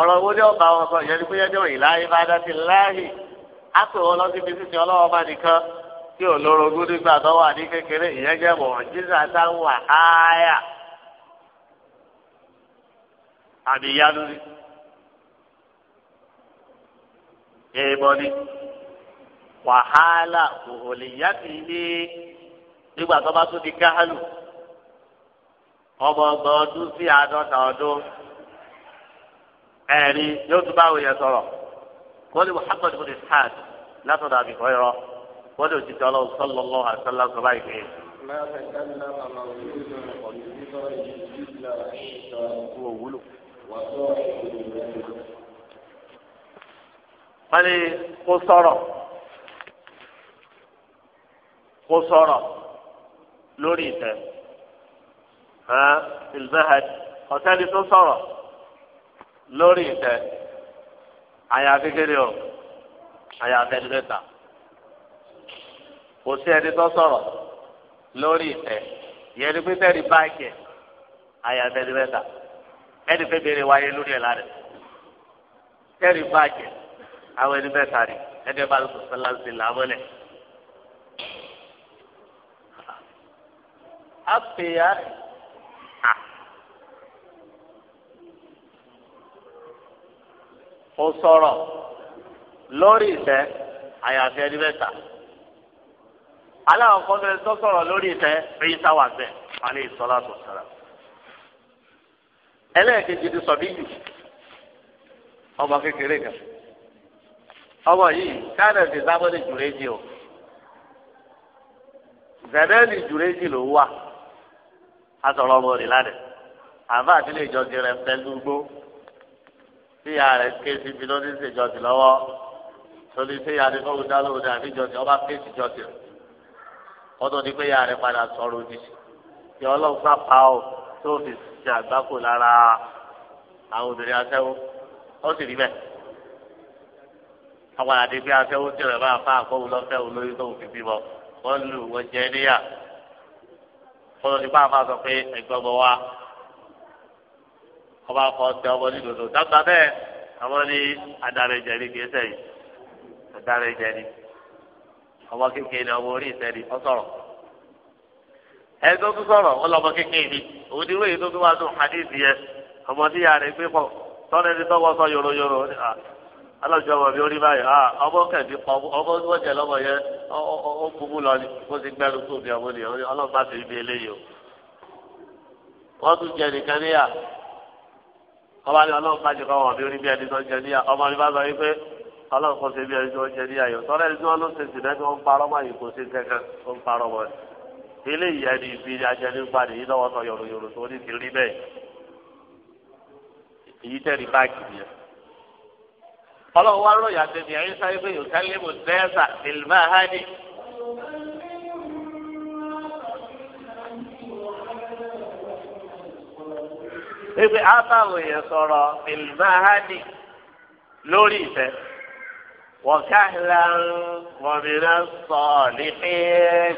ọ̀rọ̀ owó ní ọba wọn sọ ìyẹn ní pé yẹn ìláyé láàyè á wọn lọ síbi sísìn ọlọ́wọ́ bá nìkan tí ò lórogún nígbà tó wà ní kékeré ìyẹn jẹ́ mọ̀ jíjà táwọn àáyà àbí ìyanu ni èèmọ ni wàhálà òhòlìyá ti ní nígbà tó bá tún di káhálù ọmọ ọgbọ̀n ọdún sí àádọ́ta ọdún ẹ̀rí yóò tún báwo yẹn sọ̀rọ̀ wọ́n ní muhammed bin ishaq látọ̀dọ̀ àbí fọ́yọ́rọ́ wọ́n òjijì ọlọ́run sọ́lọ́ lọ́wọ́ àṣálá sọ́lá ìgbé wọ́n lè kó sọ̀rọ̀ kó sọ̀rọ̀ lórí ìtẹ́ ilbahad ọ̀sẹ́ni tó sọ̀rọ̀ lórí ìtẹ́ àyàfi kéde o àyàfi ẹni mẹ́ta kò sí ẹni tó sọ̀rọ̀ lórí ìtẹ́ yẹn ni pété ní báàkì ẹni fẹ́ bèrè wáyé lórí ẹ̀ lára kẹ́rì bàjẹ́ àwọn ẹni mẹ́ta rè ẹni bá lóko sọláńsì làmọ́lẹ̀. àpèyà à ó sọ̀rọ̀ lórí ìfẹ́ àyàfi ẹni mẹ́ta aláwọ̀ kọ́ńtẹ́rẹ́ tó sọ̀rọ̀ lórí ìfẹ́ fẹ́yìntà wà bẹ́ẹ̀ wà ní ìsọlá tó sọ̀rọ̀. ẹlẹ́ẹ̀kejì ti sọ̀bí yìí ọmọ kékeré kan ọmọ yìí jùrẹ́jì o zẹ̀dẹ́lì jùrẹ́jì ló wà a sọ̀rọ̀ ọmọ rẹ̀ lánàá àbá àtìlẹ́ ìjọsìn rẹ̀ pẹ̀lú gbó tíya rẹ̀ ké síbi ló ní ìṣèjọsìn lọ́wọ́ torí tíya rẹ̀ kọ́kùn dá lóhùn àbí ìjọsìn ọba ké síjọsìn ọdún ní pé ya rẹ̀ padà sọ̀rọ̀ òdì yọ ọlọ́run tó fi ṣe àgbákò lára àwọn obìnrin aṣẹ́wó ó sì rí bẹ́ẹ̀ àwọn àdébí aṣẹ́wó tí rẹ̀ máa fa àkọ́wò lọ́fẹ́ olórí tó fi bímọ wọ́n lù wọ́n jẹ́ níyà kọ́lọ́ nípa àfa sọ pé ẹ̀gbọ́n bọ̀ wá ọba kọ́ tẹ ọmọ nídòdò dábàá bẹ́ẹ̀ àwọn ní adarẹ̀jẹ̀ ni kì í adarẹ̀jẹ̀ ni ọmọ kékeré ọmọ orí ìsẹ́ni ọ ẹni tó tún sọ̀rọ̀ ó lọ́mọ kékeré ni òun ni wéyìí tó tún wá tún hadithi yẹn ọmọ tí yàrá ìgbé pọ̀ tọ́lá ẹni tó wọ́sọ yòròyòrò alájọ ah, ọmọ mi ó rí báyìí ah, ọmọ kẹ̀mí pọ̀ ọmọ tí wọ́n jẹ lọ́mọ yẹn ó bubú lọ ni ó ti gbẹ́rù tó bí ọmọ nìyẹn ọlọ́mọ àti ibi eléyìí o. wọ́n tún jẹ nìkan níyà ọba ní ọlọ́mọ bá jẹ kọ́mọ mi ó rí bí ẹni tó jẹ níyà ọmọ mi bá sọ wípé ọlọ́mọ kò ṣe bí ẹni tó jẹ níyà yìí tọ́lá ẹni tí wọ́n ló ṣe sì eléyìí ẹni ìbí ajẹnigbani yìí lọ́wọ́ sọ yòròyòrò tó ní ti rí bẹ́ẹ̀ èyí tẹ̀lé báàgì yẹn. ọlọ́run wá ròyìn àtẹ̀mí ẹ̀yìn sáré pé yóò tẹ́lẹ̀ mọ̀ dẹ́sà ìlmá hání. ebi abáwo yẹn sọ̀rọ̀ ìlmá hání lórí ìfẹ́ wọ́n káhìlá wọ́n mìíràn sọ̀ọ́ nípìn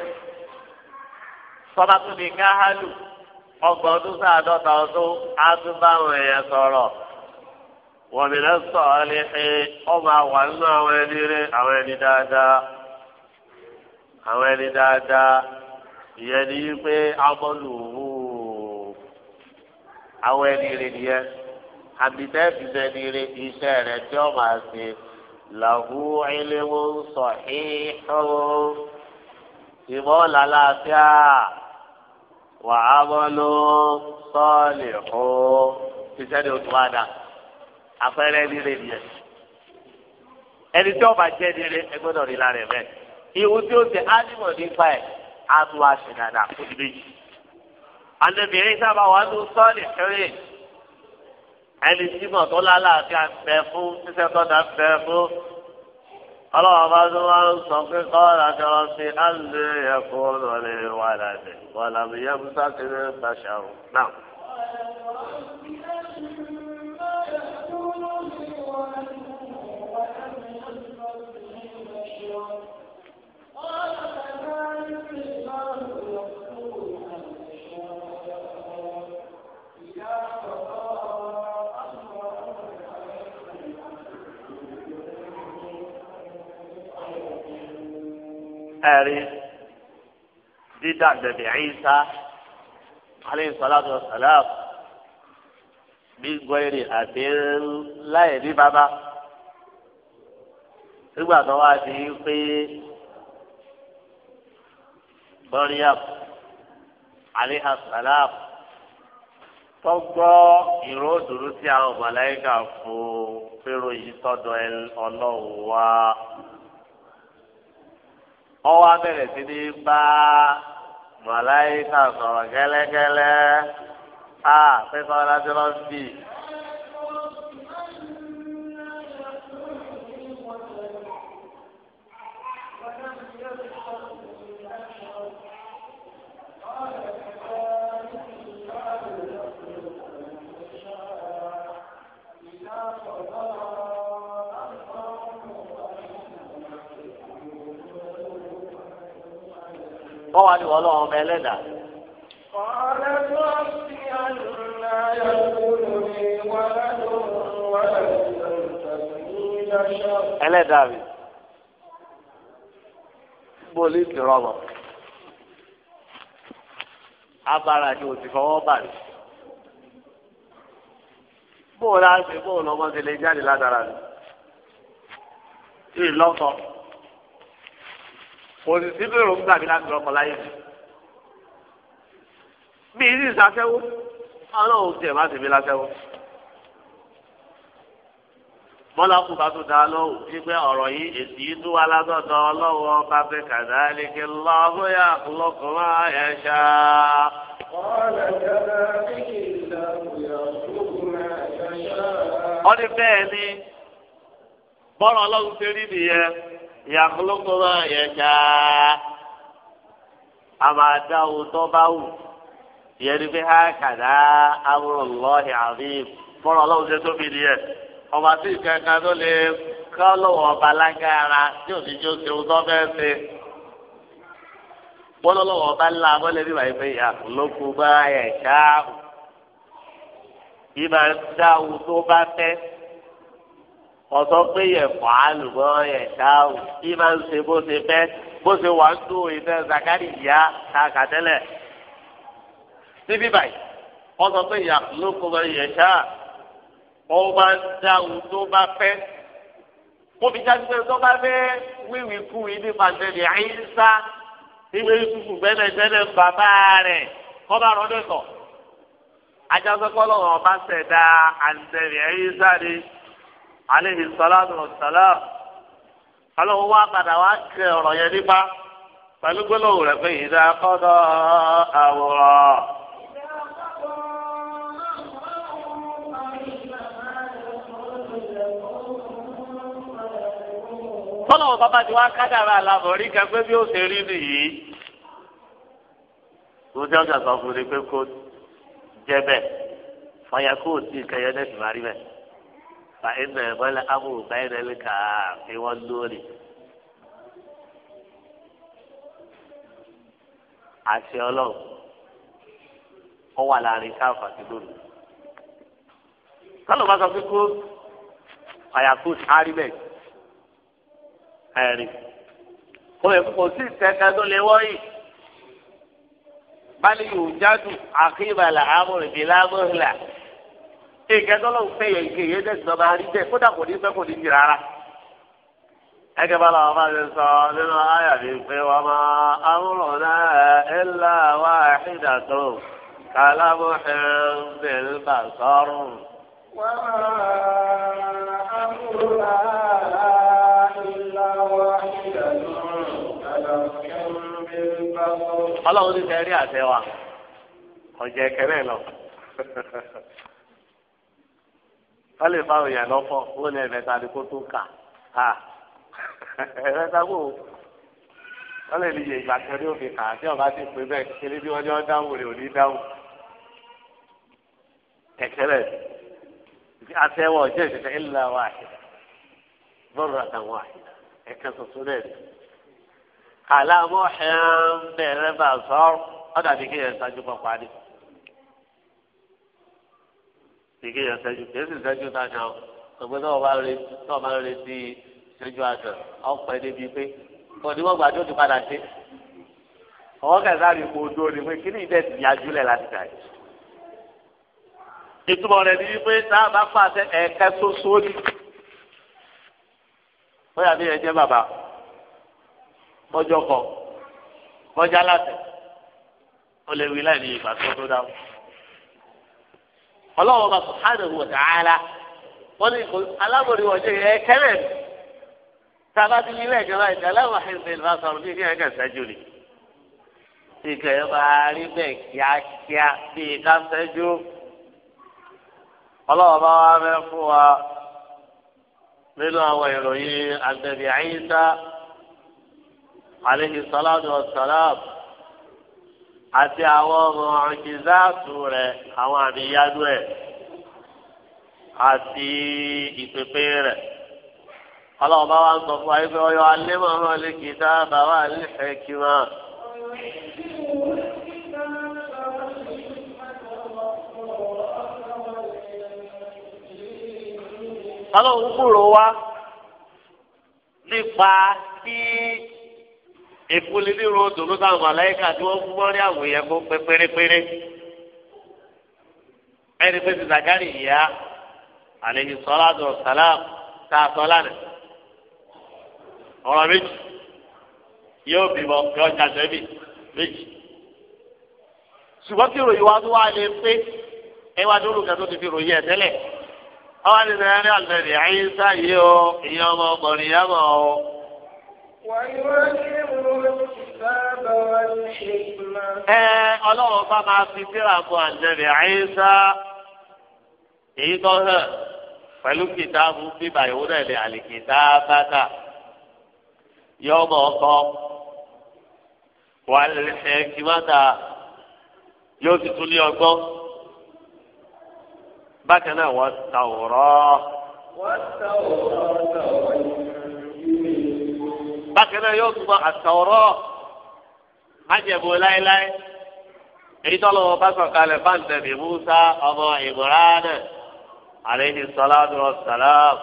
tọ́ba tún lè ká hálù ọgbọ̀n ọdún sáàdọ́ta ọdún á tún bá àwọn èèyàn sọ̀rọ̀ wọ́n mi náà sọ ọ́ lé pé ọmọ àwọn nínú àwọn ẹni rẹ àwọn ẹni dáadáa àwọn ẹni dáadáa ìyẹn ni wípé abọ́lù wù àwọn ẹni rẹ nìyẹn àbítẹ́ ni rẹ iṣẹ́ rẹ tí ó máa ṣe làwù ilé wọn sọ ìhó ìmọ̀ làlàáfíà wà á في ló sọ́ọ̀lì hó iṣẹ́ ni o tún wá dà àpẹẹrẹ nílé nìyẹn ẹni tí ọba jẹ́ nílé ẹgbẹ́dọ̀ rí lára ẹ̀ bẹ́ẹ̀ ìwú tí ó ti ánìmọ̀ nípa ẹ̀ á tún wá ṣe dáadáa kó níbí yìí. àlebìnrin sábà wà ló sọ́ọ̀lì hẹ́rẹ́ ẹni tí mọ̀ tó lálàáfíà ń bẹ fún ṣíṣẹ́ tó dá ń bẹ fún ọlọ́wọ́ bá tó wá ń sọ pé kọ́ra tó ń fi àlè ẹ̀kọ́ lọ́lẹ̀ wà lálẹ́ wà lábìyẹ́ bùsàkìrì bàṣà náà. ẹ̀rí dídá bẹ̀bí ẹ̀yíṣà aleyhi salatu wa salam bí gbọ́yìrì àti láì rí bàbá nígbà tó wá di pé bọ́ríyàm aleyhi salam tọgbọ́ ìró òdòdó tí àwọn màláíkà fún fèrò yìí tọ́dọ̀ ọlọ́run ọwọ́ abẹ́rẹ́ sí ní bá màláìka sọ̀rọ̀ gẹ́lẹ́gẹ́lẹ́ a ah, pẹ́sọ́ ọ̀làdúró ń bì. wọ́n wá ní ọlọ́run ọmọ ẹlẹ́dà. ọ̀rẹ́ tó ti àná yàgòrò ní wàhálà wàhálà ìdájọ́. ẹlẹ́dà mi bọ́ọ̀lù ìdìrọ̀mọ̀ abara ni òsì fọwọ́ bà ní. bóòlù àti bóòlù ọmọ ti lè jáde ládàra ní. kò sì sí bèrè òun gbàgbé láti rọ́pò láyé mi. mi ìdí ìsàfẹ́wó ọlọ́run tiẹ̀ má sì mi láfẹ́wó. bọ́lá kù bá tún dá lọ́wọ́ wípé ọ̀rọ̀ yìí èsì yìí tún wá látọ̀dọ̀ ọlọ́wọ́ ọba bẹ́ẹ̀ kàdá lékè lọ́wọ́ yà lọ́kùnrin àyẹ̀ṣà. wọ́n ní bẹ́ẹ̀ ni bọ́lá ọlọ́run ṣe rí nìyẹn yàkúlùkù máa yẹ ṣáá a máa dá ohun tó bá wù ìyẹn ni pé ha kàdá amúròlọ́ọ̀hì àbí fọ́nrán ọlọ́run ṣe tóbi nìyẹn ọba tí ìkẹ́kẹ́ tó lè kọ́ lọ́wọ́ ọba lágara tí òsì tí ó ṣe ohun tó fẹ́ ṣe bọ́lọ́lọ́wọ́ ọba ńlá abọ́lé bí wàá fẹ́ yàkúlùkù máa yẹ ṣáá ìmọ̀ dá ohun bá fẹ́ ọ̀sọ́ pé yẹ fọ́ àlùbọ́ yẹ dáhù bí máa ń ṣe bó ṣe fẹ́ bó ṣe wà ń tó ìfẹ́ zakari ìyá ta kàtẹ́lẹ̀. síbí báyìí ọ̀sọ́ pé yà lóko yẹ ṣá ó máa ń dáhù tó bá fẹ́. mo fi jáde pé tó fẹ́ wíwì kú ibi pàṣẹlẹ̀ àyíṣá ìwé ìtùkù gbẹ́dẹ̀gbẹ́dẹ̀ bàbá rẹ̀ kọ́ bá rọ́ọ̀dẹ̀ ajá sọ́kọ́ lọ́wọ́ ọba ṣẹ̀dá àǹtẹ̀lẹ̀ àyíṣá ni aleyhi salatu wa salam alóhùn wa padà wá kẹ ọ̀rọ̀ yẹn nípa pẹ̀lú gbólóhùn rẹ̀ pé ìdá kọ́dọ̀ àwòrán. tọ́lọ̀ bàbá ti wá kádàrà àlàbọ̀rí kan pé bí ó ṣe rí nìyí. Lójú ọjà sọ fún mi pé kó jẹ bẹ́ẹ̀ fọyà kó o ti kẹyẹ nẹ́ẹ̀sì máa rí bẹ́ẹ̀ fa iná ìmọ̀lẹ̀ amúrù báyìí lè kà á fi wọ́n lórí. àṣẹ ọlọ́run ó wà láàrin káàfù àti lónìí. kálọ̀ máa sọ pé kó àyàkú sáré bẹ́ẹ̀ ẹ̀rí. ó yẹ kó sí ìtẹ́kẹ́ tó lè wọ́yì. báyìí yóò jádùn àkíbalà amúrù bíi lámúhìlà. nǹkan tó lọ́wọ́ fẹ́ yẹ nǹkan yẹn tẹ̀sí ọba rí bẹ́ẹ̀ kódà kò ní fẹ́ kò ní jì rárá. ẹgbẹ́ bá làwọn máa ń sọ nínú àyà mi pé wọ́n máa amúrò náà ẹ̀ tó kàlámù bá sọ́rùn. wọ́n máa náà. ọlọ́run wa ọ̀jẹ̀ lọ wọ́n lè fáwọn èèyàn lọ́fọ̀ wọ́n lè ka ni kó tó kà á ẹ̀rẹ́ta kò wọ́n lè yẹ ìgbà kan ní òfin kà á tí ọba ti pè bẹ́ẹ̀ kiri bí wọ́n ní wọ́n dáhùn rẹ̀ ò ní dáhùn kẹ̀kẹ́rẹ́ atẹ́wọ̀ jẹ́ ìṣẹ̀ṣẹ̀ wa àtàwọn tuntun ẹ̀ ń bẹ̀rẹ̀ bá kí ẹ̀ pọ̀ kì í kí yẹn sẹ́jú kì í sì sẹ́jú táṣà o gbogbo tó o bá rí tó o bá rí sí ìṣẹ́jú àgbẹ̀ ọ̀pẹ débi pé kò ní wọ́n gbà tó ti padà ṣe ọwọ́ kẹta rí ipò ojú orin pé kí ni ìdẹ́ ti yájú lẹ̀ láti kà yìí. ìtumọ̀ rẹ̀ ni wípé tá a bá pàṣẹ ẹ̀ẹ̀kẹ́ soso ni bóyá bí ẹ jẹ́ bàbá mọ́jọ́ kan mọ́já ó lè wí láì ní ìgbà tó tó dáhùn ọlọ́wọ́ bá subhanahu wa ta'ala wọ́n ní ìkó alámọ̀rí wọ̀nyí ẹ̀ kẹ́lẹ̀ mi sábà ti nílẹ̀ ìjọba ìjà aláwọ̀ ẹ̀sìn ìlú asọ̀rọ̀ bí ìyẹn kẹ̀ sẹ́jú ni. ìkẹ́ ẹ máa rí bẹ́ẹ̀ kíákíá bí ìka sẹ́jú ọlọ́wọ́ bá wá fẹ́ fún wa nínú àwọn ìròyìn àgbẹ̀bí àyíṣà alayhi salatu wa salam. àti àwọn ọmọ ọ̀jìnzáàtù rẹ̀ àwọn àbíyádú ẹ̀ àti ìpèpè rẹ̀ ọlọ́run bá wà ń sọ fún wa pé ọyọ alẹ́mọ̀ hàn lè kì í dá bàbá àlẹ́fẹ̀ẹ́ kí wọ́n. ọlọ́run kúrò wá nípa kí. ìfúnni nírú dùnú táwọn màláìka tí wọ́n fún mọ́rí àwòyẹ kó pé pérépéré ẹni pé ti Zakari yá àlejò sọlá dùn sàlám tá a sọlá nì ọ̀rọ̀ méjì yóò bímọ yóò jáde bí méjì ṣùgbọ́n kí ìròyìn wa tó wá lè pé ẹ wá dúró kan ti fi ròyìn ẹ̀ tẹ́lẹ̀ ọ̀rọ̀ àti ìrìn àlùfẹ́ rẹ̀ ayé sáyé o ìyá ọmọ ọkùnrin yá mọ̀ ọ́. Ẹ ọlọ́run bá máa fi síra kan àjẹrè àyíṣá èyí tó hàn pẹ̀lú kìtáàbù bíbà ìwúrọ̀ ẹ̀lẹ́ àlìkìtáàbátà yọmọ ọkọ wà ẹ̀kìmátà yóò ti tún ní ọgbọ́n bákan náà wọ́n tàwòrán. wọ́n tàwòrán tàwòrán bákan náà yóò túbọ̀ àtọ̀rọ̀ májẹ̀bú láéláé èyí tó lọ́wọ́ bá sọ̀kalẹ̀ fáńtẹ̀bì Musa ọmọ Imran alayhi salatu wa salam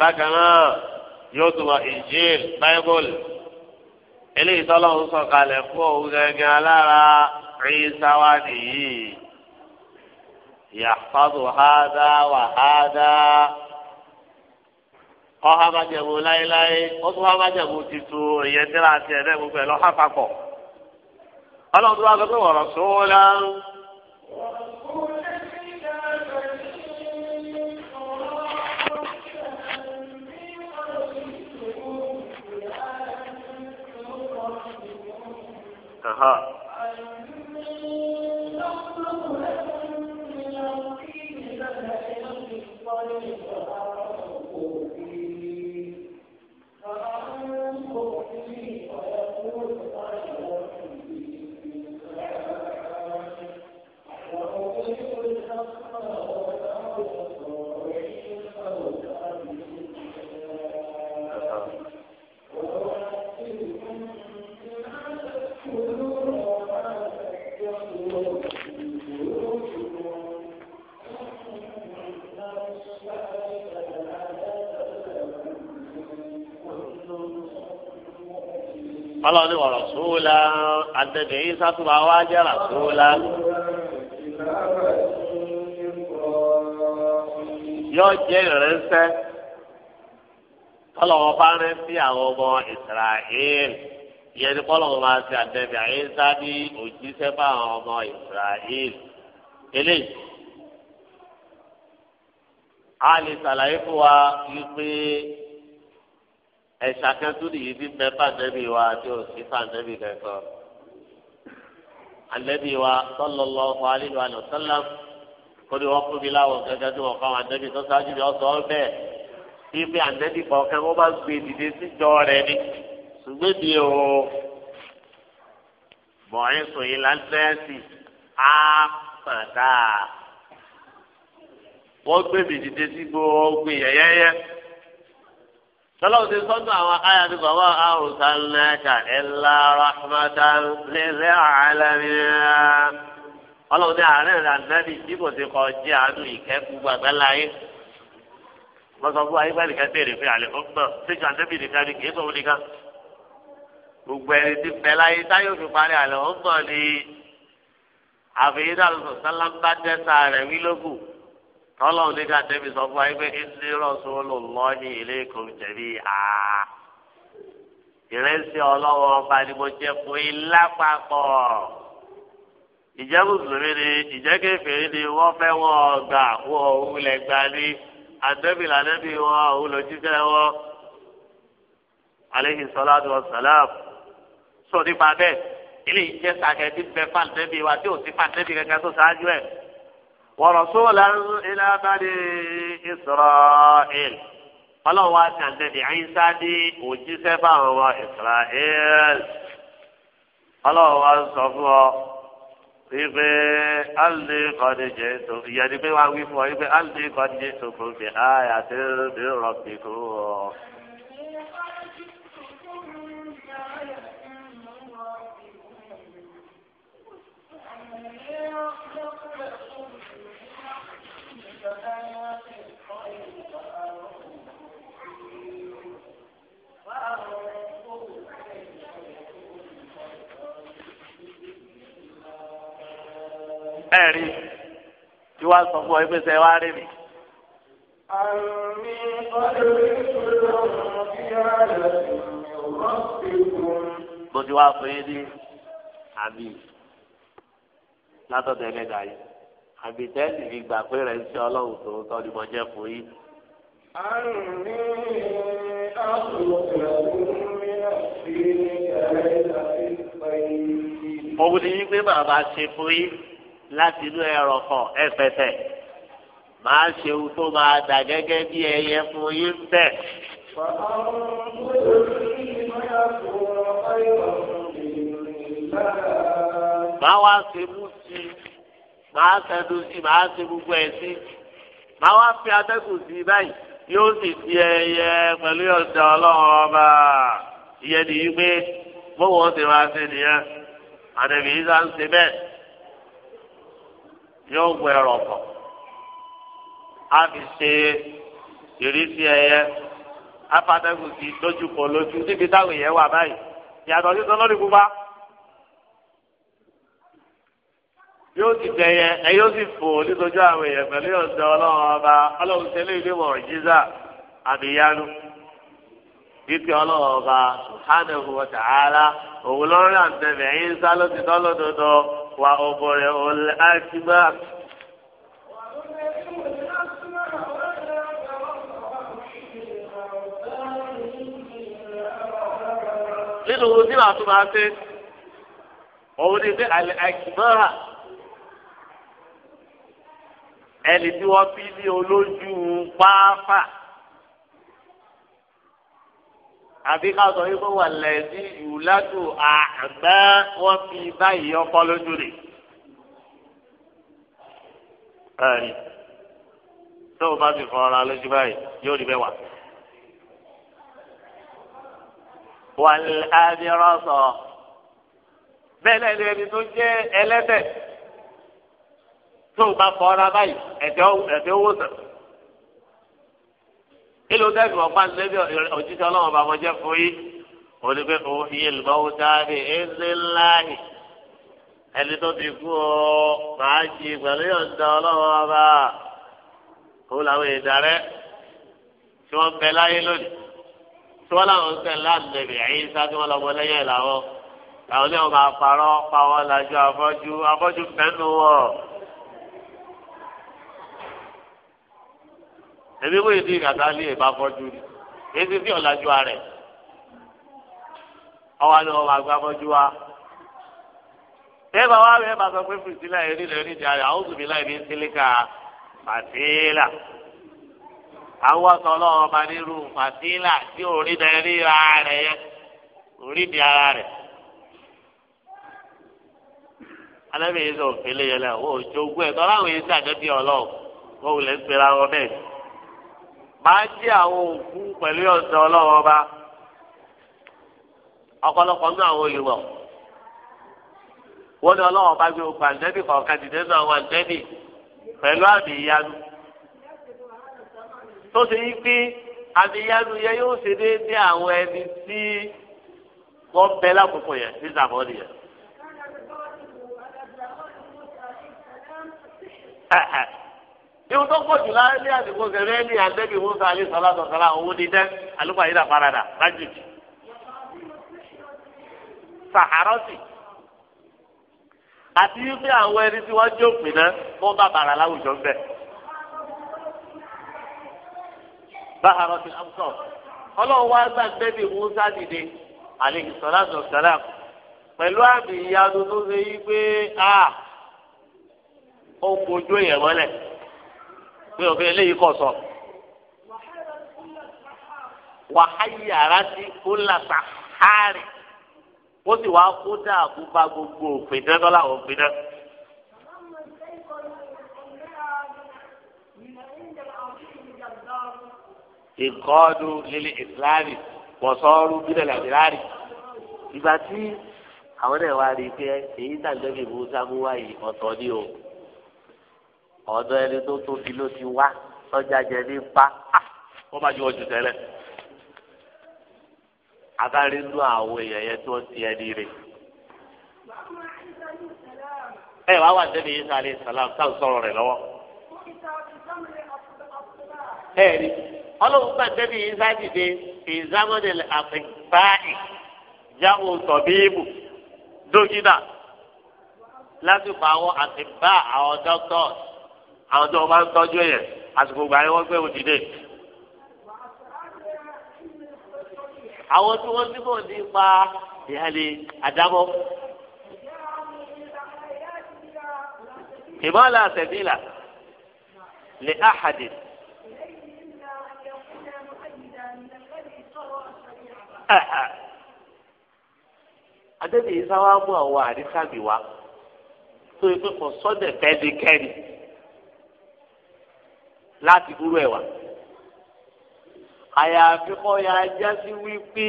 bákan náà yóò túbọ̀ Injil Bible eléyìí tó lọ́wọ́ sọ̀kalẹ̀ fún òun gẹ́gẹ́ alára Ìsá wa nìyí yahfadu hada wa hada ọha bàjẹ́bù láéláé ó tún wá bàjẹ́bù titun ìyẹn tí ra tiẹ̀ náà gbogbo ẹ̀ lọ papọ̀. ọlọ́run tó wá sọ pé wọ̀rọ̀ sóòlá. uh Thank you. ọlọ́ọ̀ni wọ̀ rọ̀súlá àtẹ̀bẹ̀yìn sátúmọ̀ àwọn ajẹ́ rọ̀súlá. yóò jẹ́ ìrẹsẹ́ kọ́lọ́wọ́ bá rẹ́ sí àwọn ọmọ Israel ìyẹn ni kọ́lọ́wọ́ máa ṣe àtẹ̀bẹ̀yìn sá ní òjíṣẹ́ bá àwọn ọmọ Israel. eléyìí a lè ṣàlàyé fún wa wípé ẹ̀ṣà kan tó nìyí bí mẹ́fà nẹ́bí wa tí ò sí fà nẹ́bí kankan. Ànẹ́bí wa sallallahu alaihi wa sallam kó ni wọ́n fún mi láwọn gẹ́gẹ́ tí wọ́n fáwọn ànẹ́bí tó ṣáájú mi ọ̀sán ọ̀bẹ́ bí bí ànẹ́bí kọ̀ọ̀kan wọ́n bá gbé dìde síjọ rẹ̀ ni ṣùgbọ́n mi ò bọ̀ọ́yìn sùn yìí lásìlẹ́sì á pàdà wọ́n gbé mi dìde sí gbogbo yẹ̀yẹ́yẹ́ tọ́lọ́wọ́ ti sọ́dún àwọn àyà ti bàbá arsalnaka illa rahmatan lil alamin. ọlọ́run ní àárín rẹ̀ ànábì tí kò ti kọ́ jẹ́ àánú ìkẹ́kù gbàgbá láyé. wọ́n sọ fún wa ayébáyé nìkan béèrè pé àlè fún gbọ́n síjú ànábì nìkan ni kìí sọ̀rọ̀ nìkan. gbogbo ẹni tí bẹ láyé táyọ̀ fi parí àlè fún gbọ́n ni àfihàn àlùsọ̀ tọ́lọ́hún ní ká débi sọ fún wa pé ilé rọ̀sùn lọ́ọ̀hìn ilé kò jẹ̀bi à. ìrẹsì ọlọ́wọ́ ọba ni mo jẹ́ fún yín lápapọ̀. ìjẹ́ mùsùlùmí ni ìjẹ́ kèfèrí ni wọ́n fẹ́ wọ́n gbà wọ́n òun lẹ̀ gbà ní àdébìlà débi wọn òun lọ jíjẹ́ wọn. aleyhi salatu wa sọ nípa bẹ́ẹ̀ ilé ìjẹ́ sàkẹ́ ti bẹ fàǹdẹ́bì wa tí ò sí fàǹdẹ́bì kankan tó ṣáájú ẹ̀ wọ̀rọ̀sọ́lá ilé abáde israel ọlọ́run wa ti àtẹ̀dẹ̀ àyínsá dé òjíṣẹ́ fáwọn ọmọ israel ọlọ́run wa sọ fún ọ wípé alẹ́ kọ́ni jẹ́ tó ìyẹn ni pé wá wí fún ọ wípé alẹ́ kọ́ni jẹ́ tó kò fi àyà tó bí rọ̀bì kú ọ. ẹ̀rí tí wàá sọ fún ọ pé sẹ́ wàá rí mi. àmì ọ̀rẹ́ ìṣòro ọ̀rọ̀ bí ara ìrọ̀ ti kún. bó ti wá fún yín ní àmì látọ̀dọ̀ ẹlẹ́dàá yìí àmì tẹ́lẹ̀ fi gbà pé rẹ̀ ń ṣe ọlọ́run tòótọ́ ni mo jẹ́ fún yín. àmì àtúntò mi náà fi ẹ̀rẹ́ ìdàgbé pẹ̀lú. mo wù ní wípé màá máa ṣe fún yín láti inú ẹ̀rọ kan ẹ̀fẹ̀fẹ̀ máa ṣe ohun tó máa dà gẹ́gẹ́ bí ẹyẹ fún yín bẹ́ẹ̀. máa wá ṣe mú sí i máa ṣẹ́nu sí i máa ṣe gbogbo ẹ̀ sí i máa wá fi atẹ́kùn sí i báyìí yóò sì di ẹyẹ pẹ̀lú ọ̀dọ̀ ọlọ́run ọba ìyẹn nìyí pé bówó ti máa ṣe nìyẹn àdẹ̀bí sá ń ṣe bẹ́ẹ̀. yóò wọ ẹrọ pọ̀ á fi ṣe ìrísí ẹyẹ afadẹ́gùn ti kọ lójú níbi táwọn èèyàn wà báyìí yàtọ̀ sí sọlọ́ọ̀dì pupa yóò ti ẹ yóò sì fò nítorí àwọn èèyàn pẹ̀lú ọ̀sẹ̀ ọlọ́run ọba ọlọ́run tẹ́lẹ̀ ilé wọ̀ jíza àbíyánu ọlọ́run ọba òun lọ́rùn àtẹ̀bẹ̀ ẹ̀yìn tọ́lọ́dọ̀dọ̀. wà ọ̀bọ̀rẹ̀ ọ̀lẹ́ àṣìbá. nínú ohun tí màá tún máa ṣe òun ni pé àlẹ́ àṣìbára ẹni tí wọ́n fi ní olójú pápá àbí ká sọ wípé wà lẹ́ẹ̀dí ìwúládù àgbà wọn fi báyìí ọkọ lójú rè. ẹ̀rí tó o bá ti fọ ara lójú báyìí yóò rí bẹ́ẹ̀ wà. wà lẹ́ẹ̀dírọ́ sọ bẹ́ẹ̀ lẹ́ẹ̀dí ẹni tó jẹ́ ẹlẹ́tẹ̀ tó o bá fọ ara báyìí ẹ̀tẹ́ owó sàn ìlú dẹ́bi ọ̀pá lẹ́bi òjíṣẹ́ ọlọ́run bá wọn jẹ́ fún yín olùgbé òhìyè lùbọ́wọ́ sáré ẹ̀ńdẹ́ ńláyì ẹni tó ti kú ọ màá jí pẹ̀lú yọ̀ǹda ọlọ́wọ́ ọba kó làwọn ìdarẹ́ tí wọ́n bẹ láyé lónìí tí wọ́n làwọn ń tẹ̀ láǹdẹ̀bì ẹ̀yìn sá tí wọ́n lọ bọ́ lẹ́yìn ẹ̀ làwọn làwọn wọn máa parọ́ pa wọn làjọ afọ́jú afọ́jú pẹ́ẹ́nu wọ̀ ẹbí wọ́n èdè ìgbà sáà lé ìbá e fọ́jú ni èsì sí ọ̀làjú rẹ̀ ọwọ́ ni wọ́n máa gbá fọ́jú wa. bẹ́ẹ̀ bá wá bẹ́ẹ̀ bá sọ pé fìtílà yẹn nílẹ̀ oníjà rẹ̀ àwọn òṣùbí láì ní sílíkà fàtílà. àwọn sọ ọlọ́run ọba nírú fàtílà tí orí da ẹrí ara rẹ̀ yẹn orí di ara rẹ̀. alẹ́ mi yìí sọ òfin yẹn lẹ́wọ̀ òjò ẹ̀ tọ́lá àwọn èyí sàdébí ọlọ́run wọ́n wulẹ̀ ń pera wọn bẹ́ẹ̀ máa ń jí àwọn òkú pẹ̀lú ọ̀sẹ̀ ọlọ́wọ́ ọba ọ̀pọ̀lọpọ̀ nínú àwọn olùwọ̀ wọ́n ní ọlọ́wọ́ bá gbé òkú àǹdẹ́bì kọ̀ọ̀kan dìde nínú àwọn àǹdẹ́bì pẹ̀lú àmì ìyanu tó ṣe yí pé àmì ìyanu yẹn yóò ṣe déédé àwọn ẹni tí wọ́n bẹ lákòókò yẹn ní zamani yẹn. iwu tó pọ̀ jù láyé àdìgbò kẹrẹ́ ní àdẹ́bí musa alẹ́ sọlá sọ̀tàlá òun ní alùpàá yìí dàparadà lájújì sàhárọ́sì àti wípé àwọn ẹni tí wọ́n jó pin wọ́n bá bàrà láwùjọ ń bẹ̀. sàhárọ́sì ọlọ́run wá musa dìde alẹ́ a ah, ó gbojú èèyàn mọ́lẹ̀. pé òfin eléyìí kọ̀ sọ. wàhálì ara ti kó làtà hárì ó sì wá kó dáàbò bá gbogbo òfin náà tọ́lá òfin náà. ìkọ́dù lílé ìsìláàmì pọ̀sọ́ọ́rù bílẹ̀ làbíràrì. ìgbà tí àwọn ẹ̀ wá rí i pé èyí tàbí ẹ̀mí ìbúsámú wáyé ọ̀tọ̀ ni o ọ̀dọ̀ ẹni tó tóbi ló ti wá lọ́jà jẹ ní pa ah! wọ́n bá ju oṣù tẹ́lẹ̀ akárí nú àwọn èèyàn yẹn tó ń ti ẹni rẹ̀ ẹ wá wà débi yìí sálẹ sàlám táwọn sọ̀rọ̀ rẹ̀ lọ́wọ́ ẹ ọlọ́run gbà débi yìí sáàdìde ìzámọ́nìlẹ̀ àpẹ̀gbáì jáwọ́ tọ̀bíìmù dókítà lásìkò àwọn àtìgbà àwọn dókítọ̀sì àwọn tó o bá ń tọ́jú yẹn àsìkò gbà yẹn wọ́n gbé òun dìde. àwọn tí wọ́n ti mọ̀ nípa ìhàlẹ̀ àdámọ́. ìmọ̀lá àtẹ̀bílà lè áhàdì. adébíyí sáwá mú àwọn àrísàbí wa tó ikú kan sọ́dẹ̀ fẹ́ẹ́ di kẹ́rin láti dúró ẹ̀ wá. àyàfi kọ́ ya ajá sí wípé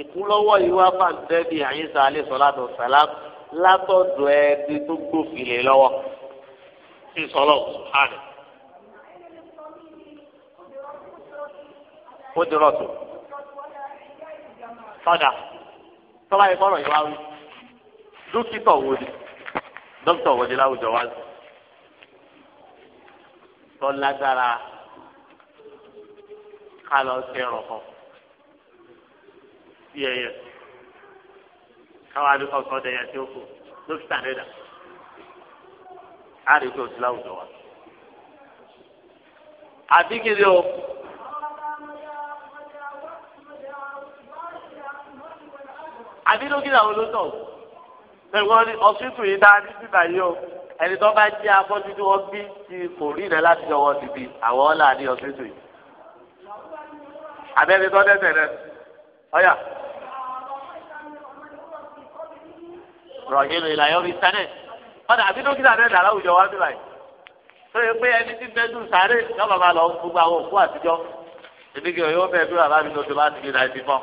ìkúlọ́wọ́ yìí wá fàǹtẹ́ bí àyínsá alẹ́ sọ látọ̀ sàlám látọ̀dọ̀ ẹni tó gbófìlè lọ́wọ́ sí sọlọ́ sùhánì. ó ti rọ̀tò sọ́dà tọ́lá ìfọ̀rọ̀ yìí wá wí dókítà wo dókítà wo láwùjọ wá sí tó lágbára ká lọ sí ẹrọ kan sí ẹyẹ káwá ló kọ́ sọ́dọ̀ ẹyẹ tí ó kù dókítà nìdá á rí i pé òtún láwùjọ wa. àbí kiri o. àbí dókítà wo ló tọ̀ ṣẹ̀wọ́n ní tù yín dá ní síta yìí o ẹni tó bá jẹ́ afọ́jú tí wọ́n bí ti kò rí rẹ láti ọwọ́ ti bí àwọn ọ̀la ní ọ̀sẹ̀tò yìí. àbẹ́ni tó dẹ́sẹ̀ rẹ ọ̀yà. rọ̀yìn ìlà yọrí sẹ́nẹ̀ ọ̀dà àbí dókítà rẹ̀ dàrá òjò wá síbàyí. tó yẹ pé ẹni tí bẹ́ẹ̀ dùn sáré lọ́ba máa lọ gbogbo àwọn òkú àtijọ́. èmi kì í yọ bẹ́ẹ̀ bí bàbá mi lọ́sọ̀ bá ti di náìtì fún.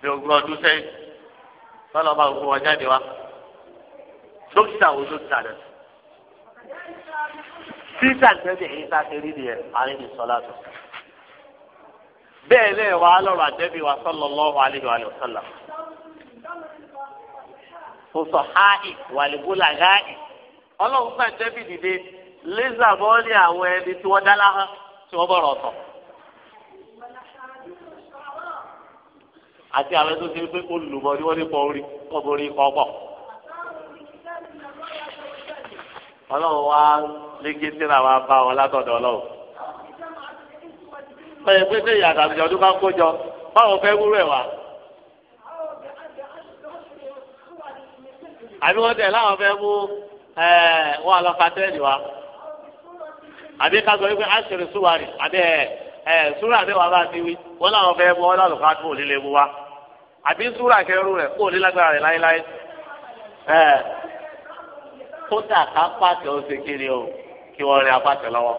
ní ogún ọdún sẹ́yìn lọ́lọ́ dókítà wo dókítà rẹ títà tẹ́lẹ̀ èyí tá a ti rí nìyẹn àárín ìsọlá tó bẹ́ẹ̀ lẹ́yìn wa lọ́rọ̀ àjẹ́bí wa sallallahu alaihi wa sallam sọ̀sọ̀ háì wàlíbólà gáì ọlọ́run fún àjẹ́bí dìde lẹ́sà bọ́ọ̀lì àwọn ẹni tí wọ́n dálá hàn tí wọ́n bọ̀rọ̀ sọ. àti àwọn ẹni tó ti rí pé olùmọ̀ ni wọ́n ní pọ̀ orí pọ̀ orí pọ̀ pọ̀. ọlọ́run wá lékè síra wa bá wọn látọ̀dọ̀ ọlọ́run. pẹ̀lú pé pé ìyàtọ̀ àtijọ́ ọdún bá kó jọ báwo fẹ́ wúrú ẹ̀ wá. àbí wọ́n tẹ̀ láwọn fẹ́ mú wọn àlọ́ fatẹ́ẹ̀lì wa. àbí ká sọ wípé àṣírí súwárì àbí ẹ̀ wàá bá ti wí wọ́n láwọn fẹ́ mú tó àbí kẹrù rẹ̀ kó rẹ̀ láéláé. kódà ká pàṣẹ ó ṣe kiri o kí wọ́n rin apàṣẹ lọ́wọ́.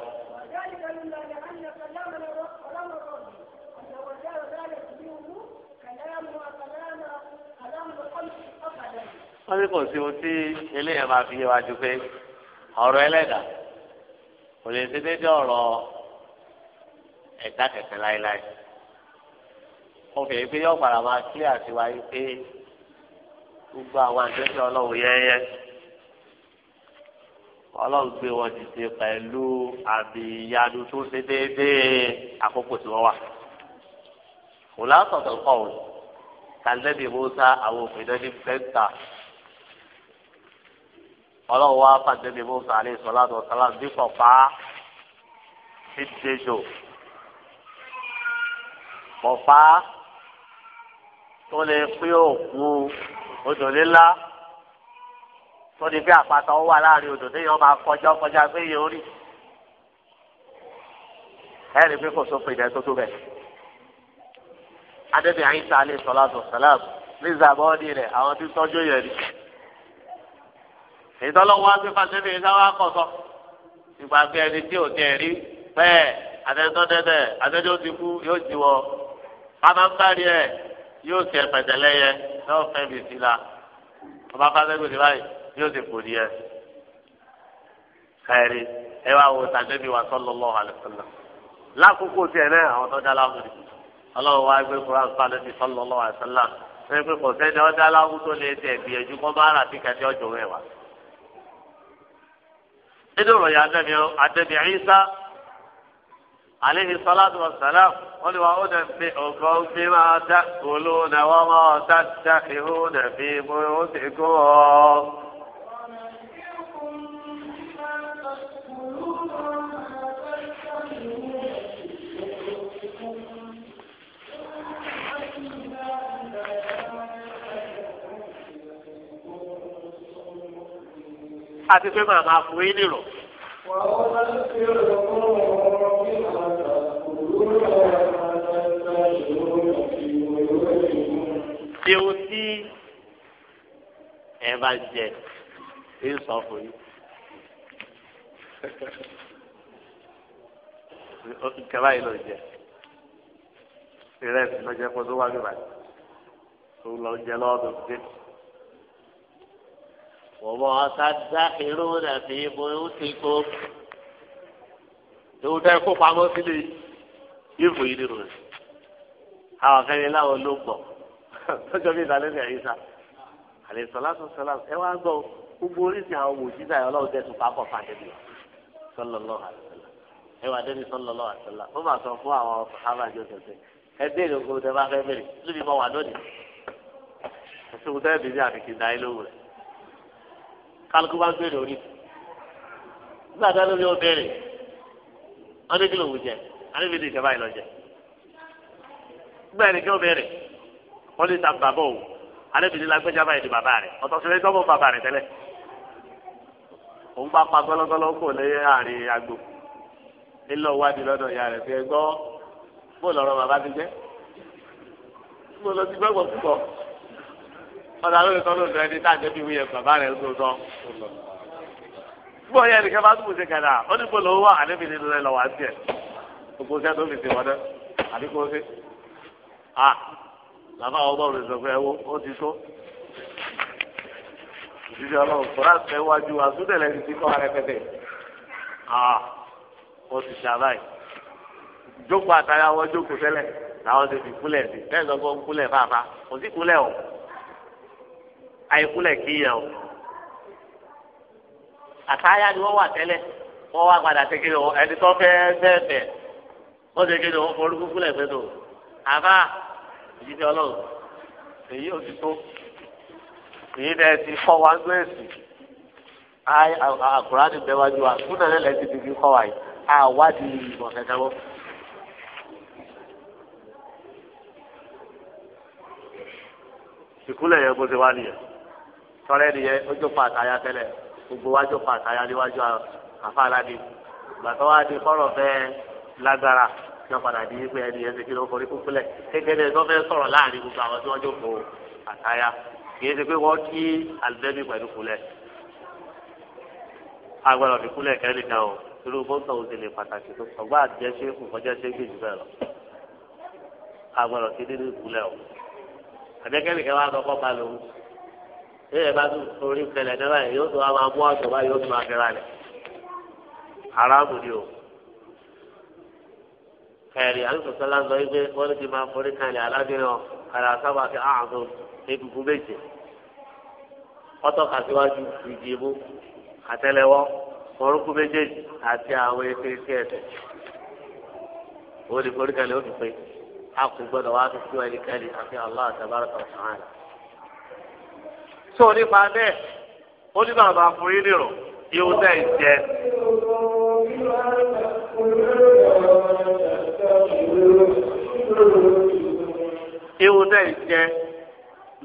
wọ́n ní kò sí ohun tí eléyàn máa fi yé wa ju pé ọ̀rọ̀ ẹlẹ́dà kò lè ṣe déédéé ọ̀rọ̀ ẹ̀dá kẹ̀kẹ́ láéláé. mo fẹ́ pé yọ̀ọ́ padà máa kílẹ̀ àti wáyé pé gbogbo àwọn àjọṣe ọlọ́run yẹ́yẹ́ ọlọ́run pé wọ́n ti ṣe pẹ̀lú àbíyanu tó ṣe déédéé àkókò tí wọ́n wà. kò lásọ̀tọ̀ kọ̀ ọ́ kàlẹ́bí musa àwọn òpinnu ní pẹ́ńtà ọlọ́run wá pàdébí musa àlẹ́ ìsọ̀lá tó sọ́lá dípò pa sí déjò. mọ̀fá tó lè pín òkú odò lílá tó di pé àpáta ó odò téèyàn máa kọjá kọjá pé yẹn rí ẹ rí pé kò sófin ìdẹ tó tó bẹ adébíyí àyíṣà alẹ sọlá tó sàlám ní zabọọdì rẹ àwọn tí tọjú yẹn rí ìtọ́lọ́wọ́ agbẹ́fà sẹ́fẹ̀ ìsáwá kọ̀sọ́ ìgbà pé ẹni tí ò tẹ̀ rí bẹ́ẹ̀ àtẹ̀tọ́ dẹ́dẹ̀ ti kú yóò ti wọ pàmàmbárí ẹ̀ yóò tẹ̀ pẹ̀tẹ̀lẹ́yẹ yóò fẹ́ bìsí la ọba fásẹ́gbèsè báyìí yóò sì kú díẹ̀ kẹrin ẹ wá wo tàbí wa sallallahu alaihi wasallam lákòókò tiẹ̀ náà àwọn tó dá láwùjọ ọlọ́run wá gbé kuran fún alẹ́bí sallallahu alaihi wasallam ẹ pé kò sẹ́ni ọ̀dá aláwùjọ tó lè tẹ̀ gbìyànjú kọ́ bá rà sí kẹtẹ́ ọjọ́ rẹ̀ wá. nínú ìròyìn adẹ́bí adẹ́bí Ìsá alaihi salatu wassalam wọ́n ní wa ó dẹ̀ fi ọ̀gá omi máa dá kóló náà wọ́n máa dá àti pé màmá fún yín nìrọ̀. Ìwò tí ẹ bá jẹ ń sọ fún yín. Ìkàlá yìí ló jẹ. Ìrẹsì ló jẹ kó tó wá gbé báyìí. Òun jẹ lọ́dún dé. وما تدخرون في بيوتكم lóhun tẹ́ kó pamọ́ sílé ìfò yìí nínú rẹ̀ àwọn akẹ́yẹ láwọn ló gbọ̀ lọ́jọ́ bíi ìdálẹ́ ní àyíṣà àlẹ́ sọlá tó sọlá ẹ wá gbọ́ gbogbo oríṣi àwọn òjìṣà ẹ̀ ọlọ́run tẹ̀ tún pápọ̀ fàdébí sallallahu alaihi wasallam ẹ wà débi sallallahu alaihi wasallam ó mà sọ fún àwọn sàhábà jọ tẹ̀sẹ̀ ẹ béèrè oko tẹ bá fẹ́ béèrè lóbi mọ wà lónìí ẹsùn tẹ́ bìí ní àfikì dá ilé òwúrẹ̀ kálukú bá gbé lórí nígbà tó lórí ó béèrè wọn ní kí ló wù jẹ àníbi ní ìjọba yìí lọ jẹ nígbà yẹn ní kí ó wọn ní ta bàbá o àníbi ní lágbèjà báyìí ní bàbá rẹ bàbá rẹ òun bá pa kò lé àárín agbo ńlọ wádìí lọ́dọ̀ ìyá rẹ fi ẹgbọ bó lọ́rọ̀ bàbá ti jẹ bó lọ ti gbẹgbọ ọ̀dà lórí kan lóòótọ́ ẹni tá àjẹbí wíyẹ bàbá rẹ̀ tó tọ́. gbọ́ yẹn nìkan bá tún ṣe kàdà ó ní gbọ́dọ̀ owó àlébi nínú rẹ̀ lọ́wọ́ àti ẹ̀ gbogbo iṣẹ́ tó fi ṣe wọ́n dẹ́ àbí ṣe. à làbá ọgbà òrùn sọ pé ẹwọ́ ó ti tó. ìdíje ọlọ́run kọ́lá ṣe wájú àtúntẹ̀lẹ̀ ti ti kọ́ arẹpẹtẹ. à ó ti ṣàbáyé. jókòó àìkúlẹ̀ kíyàn o àtàyà ni wọ́n wà tẹ́lẹ̀ wọ́n wá padà ṣe kéde wọn ẹni tó fẹ́ bẹ́ẹ̀ wọ́n ṣe kéde wọn forúkú kúlẹ̀ fẹ́ tó àbá èyí ti ọlọ́run èyí ò ti tó èyí náà ti fọ́ wa ń gbèsè àkùránì bẹ́ẹ̀ wájú wa kúnlẹ̀ lẹ́lẹ́ ti fi kọ́ wa yìí àwádìí ìmọ̀ kẹ̀kẹ́ wọn. ìkúlẹ̀ yẹn kó ṣe wá nìyẹn tọrẹ nìyẹn ó jókòó àtàyà tẹ́lẹ̀ gbogbo wa jókòó àtàyà níwájú àfàlàdé gbàtọ́ wa di fọ́rọ̀ fẹ́ lágbára ní ọ̀padà di wípé ẹni yẹn ti kí ló forí kúkúlẹ̀ kékeré tó fẹ́ sọ̀rọ̀ láàrin gbogbo àwọn tí wọ́n jókòó àtàyà kìí ṣe pé wọ́n kí àlùbẹ́bí pẹ̀lú kulẹ̀ agbọ́dọ̀ fi kulẹ̀ kẹ́nìkan o irú bọ́ńtọ̀ òsè lè pàtàkì tó ọgbà àjẹsẹ́ kọjá ṣe gbèjì bẹ́ẹ̀ lọ agbọ́dọ̀ fi nínú ìkulẹ̀ o àjẹkẹ́nìkan wa sọ fọ́ balùwẹ̀ ẹ bá tún torí kẹlẹ náà báyìí yóò tún wá máa mú àjọ báyìí yóò tún máa rẹ̀ haramu ni o kẹrì alùpùpù lásán wípé wọn ti máa forí kalẹ̀ alágbèrè ọ kàrà sábà fi àhàtò egungun méje ọtọ kàtíwájú ìdìbò àtẹ́lẹwọ́ orúkú méjèèjì àti àwọn ekereke ẹsẹ̀ wọn ni forí kalẹ̀ ó dùn pé a kò gbọ́dọ̀ wá fi sí ẹnikẹ́ni àti Allah àtàbárà tó o nípa bẹ́ẹ̀ ó ní bàbá fún yín nìrọ̀ yóò dẹ̀ jẹ. Iwu dẹ̀ jẹ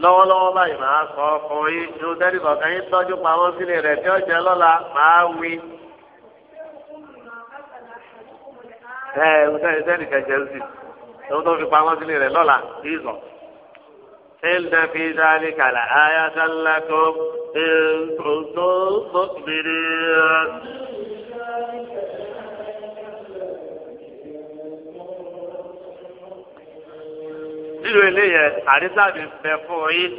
lọ́wọ́lọ́wọ́ báyìí màá sọ fún iwu tọ́jú pamọ́ rẹ̀ tí ó jẹ lọ́la إن في ذلك لآية لكم إن كنتم مؤمنين nínú eléyẹ àrísàbí fẹ́ fún yín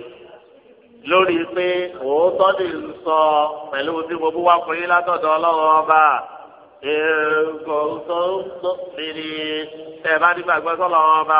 lórí pé òótọ́ ni ń sọ pẹ̀lú tí mo bú wá fún yín látọ̀dọ̀ ọlọ́run ọba èèkó tó ń tó mìíràn tẹ̀ bá nígbàgbọ́ sọ́lọ́run ọba.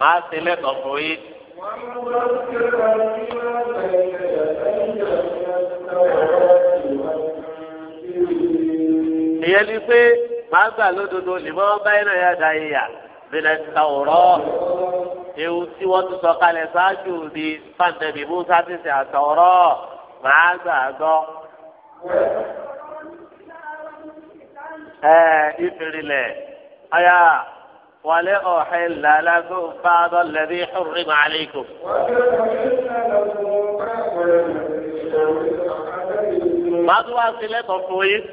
máa ṣe lẹ́tọ̀ọ́ fún yín. ìyẹn ni pé màá gbà lódodo ìmọ̀ báyìí náà yá da ìyà bìlẹ̀ tàwùrọ̀ ewu tí wọ́n ti sọ kalẹ̀ ṣáájú di fàǹdẹ̀bì musa ti ṣe àtọ̀rọ̀ màá gbà gbọ́. ẹ ìfìrìlẹ̀ ọ̀yà. ولأحل لكم بعض الذي حرم عليكم ما دوا سيلي أفاك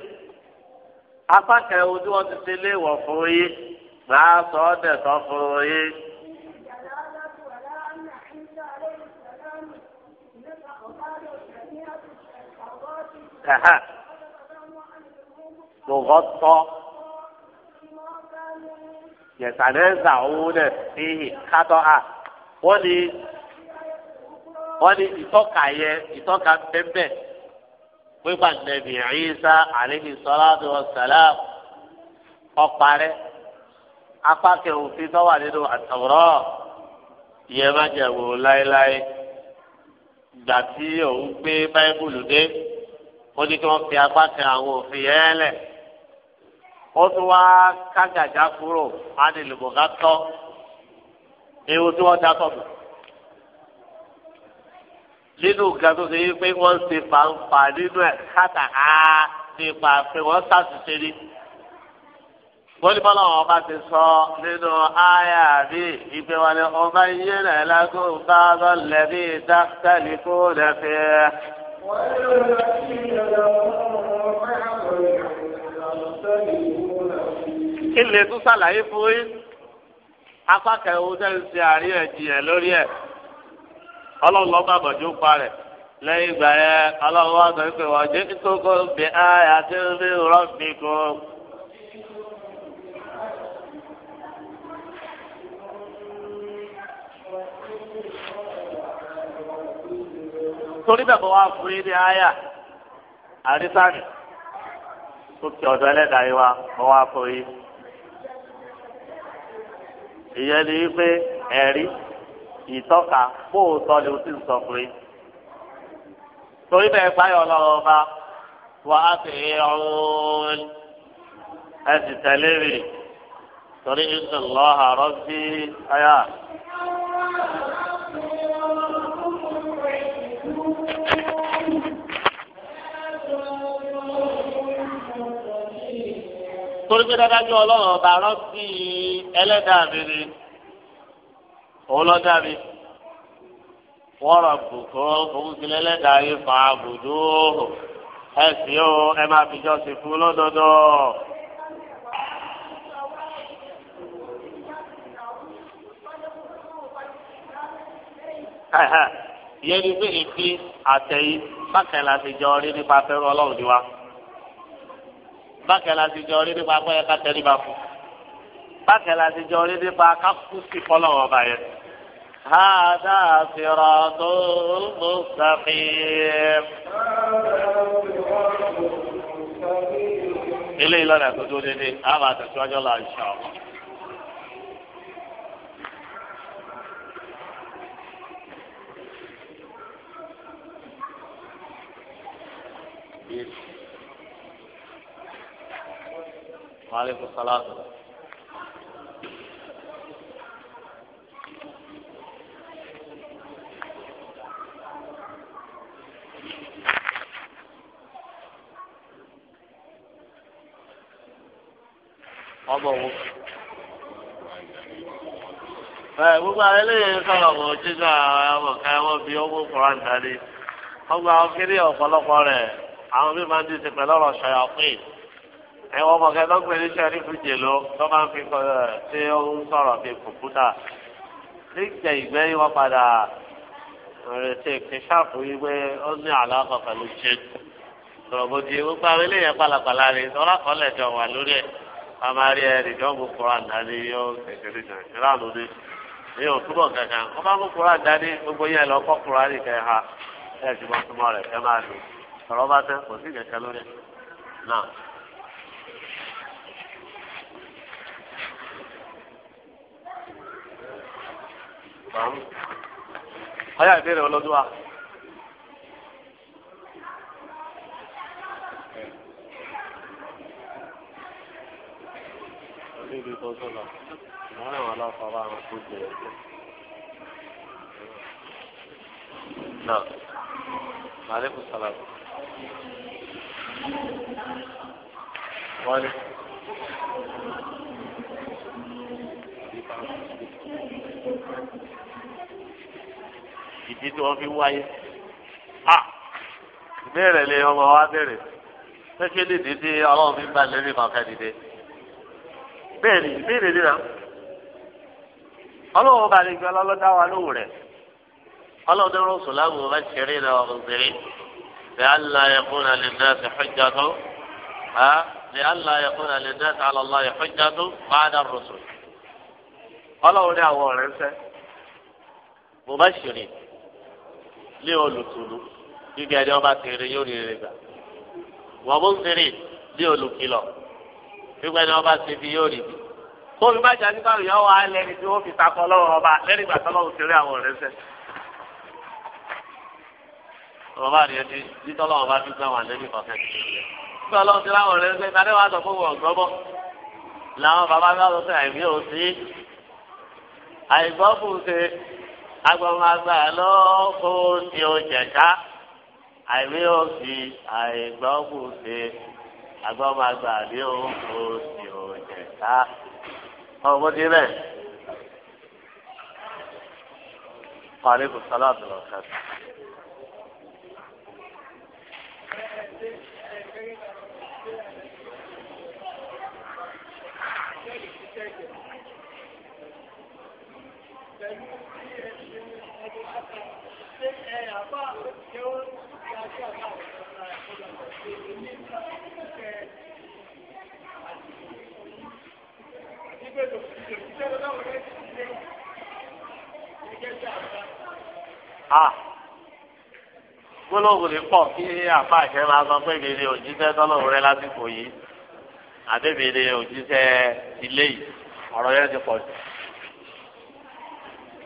أفا كيودوا سيلي وفوي ما صاد تفوي تغطى yẹ̀sánẹ́sà owó náà níhì kátọ́ à wọ́n ní wọ́n ní ìtọ́ka yẹ ìtọ́ka pẹ́pẹ́ pípa nàbì Ìsá àlehi sọ́láàtì wọn sàlám ọ̀parẹ́ apákẹ́ òfin tó wà nínú àtàwùrọ̀ ìyẹn má jẹ́ wò láéláé gbà tí òun gbé báíbùlù dé ó ní kí wọ́n fi apákẹ́ àwọn òfin yẹn lẹ̀ ó tún wá kágàjá kúrò á ní lùbọ̀gá tọ́ ewu tí wọ́n dákọ̀ bù. nínú nǹkan tó ṣe yí pé wọ́n ṣe fàǹfà nínú ẹ̀ káàtà á nípa pé wọ́n ṣàtúnṣe ní. wọ́n ní bọ́lá wọn bá ti sọ nínú àyà ìgbé wọn ni ọba yé rẹ̀ lágùn bá lọ lẹ́bí dákítàlì kó rẹ̀ fi. wọ́n yóò lọ sí ìlànà ọmọ ọmọ ọmọ ọmọ ọmọ ọmọ ọmọ ọmọ ọmọ kí lè tún ṣàlàyé fún yín apá kẹwàá tẹ̀ ń ṣe àríyànjiyàn lórí ẹ̀ ọlọ́run lọ́ba àgbàjọ pa rẹ̀ lẹ́yìn ìgbà yẹn ọlọ́run wá sọ pé wọ́n jẹ́ tó bí àyà tí ń bí rọ́ọ̀bì kó. torí bẹ́ẹ̀ bọ́ wá fún yín ní kí ẹlẹ́dàá yín wá bọ́ wá fún yín. ìyẹn ni wípé ẹ̀rí ìtọ́ka kóòtọ́ ni o ti sọ pé torí bẹ́ẹ̀ báyọ̀ lọ́wọ́ ọba wà á sì ọ̀hún ẹ sì tẹ̀lé rè torí ayá. torí pé dájú ọlọ́run ọba rántí ẹlẹ́dàá mi ni òun lọ dá mi wọ́n rọ̀ bùkọ́ òun ti lẹ́lẹ́dàá yìí fa àbùdó ẹ sì ó ẹ máa fi jọ sí fún lọ́dọọdọ́. ìyẹn pé ìfi àtẹ̀yí bákẹ́lá ti jọ rí nípa fẹ́ràn ọlọ́run ni wa bákẹ́ la ti jọ rí nípa akọ́yẹ ká tẹ́lí bá fún bákẹ́ la ti jọ rí nípa ká kú sí fọlọ́wọ́ bá yẹ. هذا صراط مستقيم ilé ìlànà tó dúró dédé á máa tẹ̀síwájú ọ̀la ìṣà ọ̀la. وعليكم السلام ọbọ wo ẹ gbogbo àwọn eléyìí sọ̀rọ̀ kò jíjọ àwọn ọkà ẹwọn bíi owó koran tani ọgbà ọkiri ọ̀pọ̀lọpọ̀ rẹ̀ àwọn bí máa ń dìde pẹ̀lú ọ̀rọ̀ pé ẹ̀wọ̀n ọmọkẹ́ lọ́gbẹ̀rẹ́ sẹ́rífù jèló tó máa ń fi kọ́ ṣé ó ń sọ̀rọ̀ bíi kọ̀ǹpútà nígbà ìgbẹ́ wọn padà ṣe ìpínṣàpù yìí pé ó ní àlàkọ̀ pẹ̀lú ṣe sọ̀rọ̀ bó di gbogbo àwọn eléyẹn pàlàpàlà rè sọ́lá kan lẹ̀jọ̀ wà lórí ẹ̀ a máa rí ẹ nìjọ́ mú koran dání yóò kékeré jàn ìrànú ni ní òtúbọ̀ kankan wọ́n bá mú koran dání gbogbo yẹn lọ kọ́ koran nìkan ha ẹ̀ ti mọ́ túmọ̀ rẹ̀ ẹ máa lò sọ̀rọ̀ ọyá ìbéèrè ọlọ́dún wa. níbi tó sọ̀rọ̀ ìmọ̀ràn àwọn aláfàá bá wọn kó jẹ ẹ̀jẹ̀. náà màálé kò sàlàyé. wọ́n ní. ìdí tí wọ́n fi wáyé. a ìbéèrè lè ọmọ wa béèrè pẹ́kẹ́ dìde tí ọlọ́run fi ń bá lẹ́rìí kan fẹ́ dìde. bẹ́ẹ̀ ni ìbéèrè nìyà ọlọ́run bá lè gbé ọlọ́lọ́dá wa lówó rẹ̀ ọlọ́run dẹ́rọ̀ sùlámù bá ṣeré náà ọ̀gbìnrin lẹ́àlá yẹkùn náà lè dá sí xọ́jà tó lẹ́àlá yẹkùn náà lè dá sí alọ́lá yẹ xọ́jà tó bá dá rọ̀sùn. ní àwọn ọ̀rẹ́ ń sẹ́ mo bá ṣeré lé olùtùnú gíga ẹni ọba tèrè yóò rí rẹ gbà wọ́n mú tèrè lé olùkìlọ̀ gbígbà ẹni ọba tèbi yóò rí bi kó o fi bá jáde báyìí yọ wá lẹ́ni tí wọ́n fi takọ lọ́wọ́ ọba lẹ́ni ìgbà tọ́lọ́wọ́ tèrè àwọn ọ̀rẹ́ sẹ́. ọba rẹ̀ ti di tọ́lọ́wọ́ bá fi gbà wà lẹ́ni kọ̀ọ̀kẹ́ gbígbà ọlọ́run tèrè àwọn ọ̀rẹ́ sẹ́ ìtàdé wa sọ fún wọn gbọ́bọ́ làwọn bàbá mi wá sọ agbọmọgbà lọ́kọ́ tí ó jẹ̀ká àìrí òfin àìgbọ́kùnfin agbọmọgbà ní òkò tí ó jẹ̀ká. ọmọdé rẹ̀ kọ́ àlékún sálàdùn ọ̀sán. Ah. gbólóhùn lè pọ̀ kí àfa àṣẹ máa sọ pé mèrè òjíṣẹ́ tọ́lọ́run rẹ lásìkò yìí àbí mèrè òjíṣẹ́ ilé yìí ọ̀rọ̀ yẹn ti pọ̀ jù.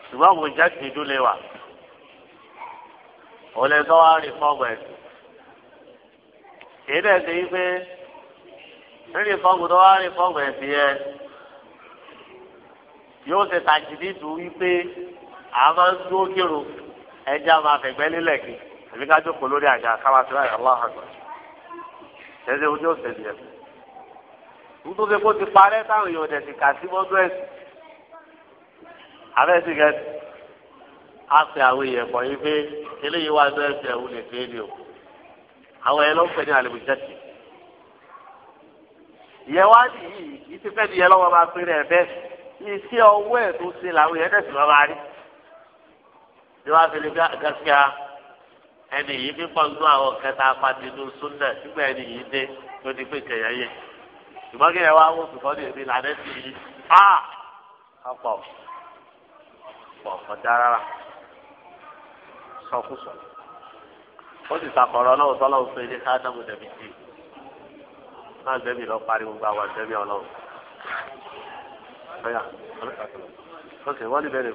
ṣùgbọ́n àwọn ìjáde ìdúlé wà òun lè sọ wá rí fọ́ọ̀mù ẹ̀sìn. èyí náà ṣe wípé rí fọ́ọ̀mù tó wá rí fọ́ọ̀mù ẹ̀sìn yẹn yóò ṣe tàjìdí dùn wípé àwọn máa ń dúró kírun ẹja máa fẹ̀gbẹ́ lélẹ̀ kí àbí ká jókòó lórí àga káwá sí láyé aláhà gbà ṣẹ́ṣẹ́ ojú ọ̀sẹ̀ ni ẹ̀. nítorí kó ti parẹ́ táwọn èèyàn dẹ̀ ti kà sí mọ́tò ẹ̀sìn abẹ́sí kẹ́sì á pe àwọn èèyàn pọ̀ yìí pé eléyìí wà ní ẹ̀sìn ẹ̀wù lè fi èdè o àwọn ẹ̀ ló ń pè ní àlùbùjẹ́sì ìyẹn wá nìyí ìtìfẹ́ nìyẹn lọ́wọ́ ẹ̀ bẹ́ẹ̀ máa máa tí wọ́n á fi lè gbá gàfíà ẹni yìí fi pọ̀ nínú àwọn kẹta apàdínú súnà nígbà ẹni yìí dé tó ti pé kẹyà yẹ ṣùgbọ́n kí ẹ wá wọ́n fi fọ́ọ̀dì èmi làdẹ́ sí i á ọ̀pọ̀ ọ̀pọ̀ ọ̀dá rárá sọkúsọ ó sì sàkọ̀rọ̀ ọlọ́run tọ́lọ́ fún ilé káàdámù dẹ̀bi tì náà dẹ̀bi lọ pariwo gba wà dẹ̀bi ọlọ́run ọ̀yà ọ̀lẹ́kàtọ̀ ó sì wọ́n ní bẹ́ẹ̀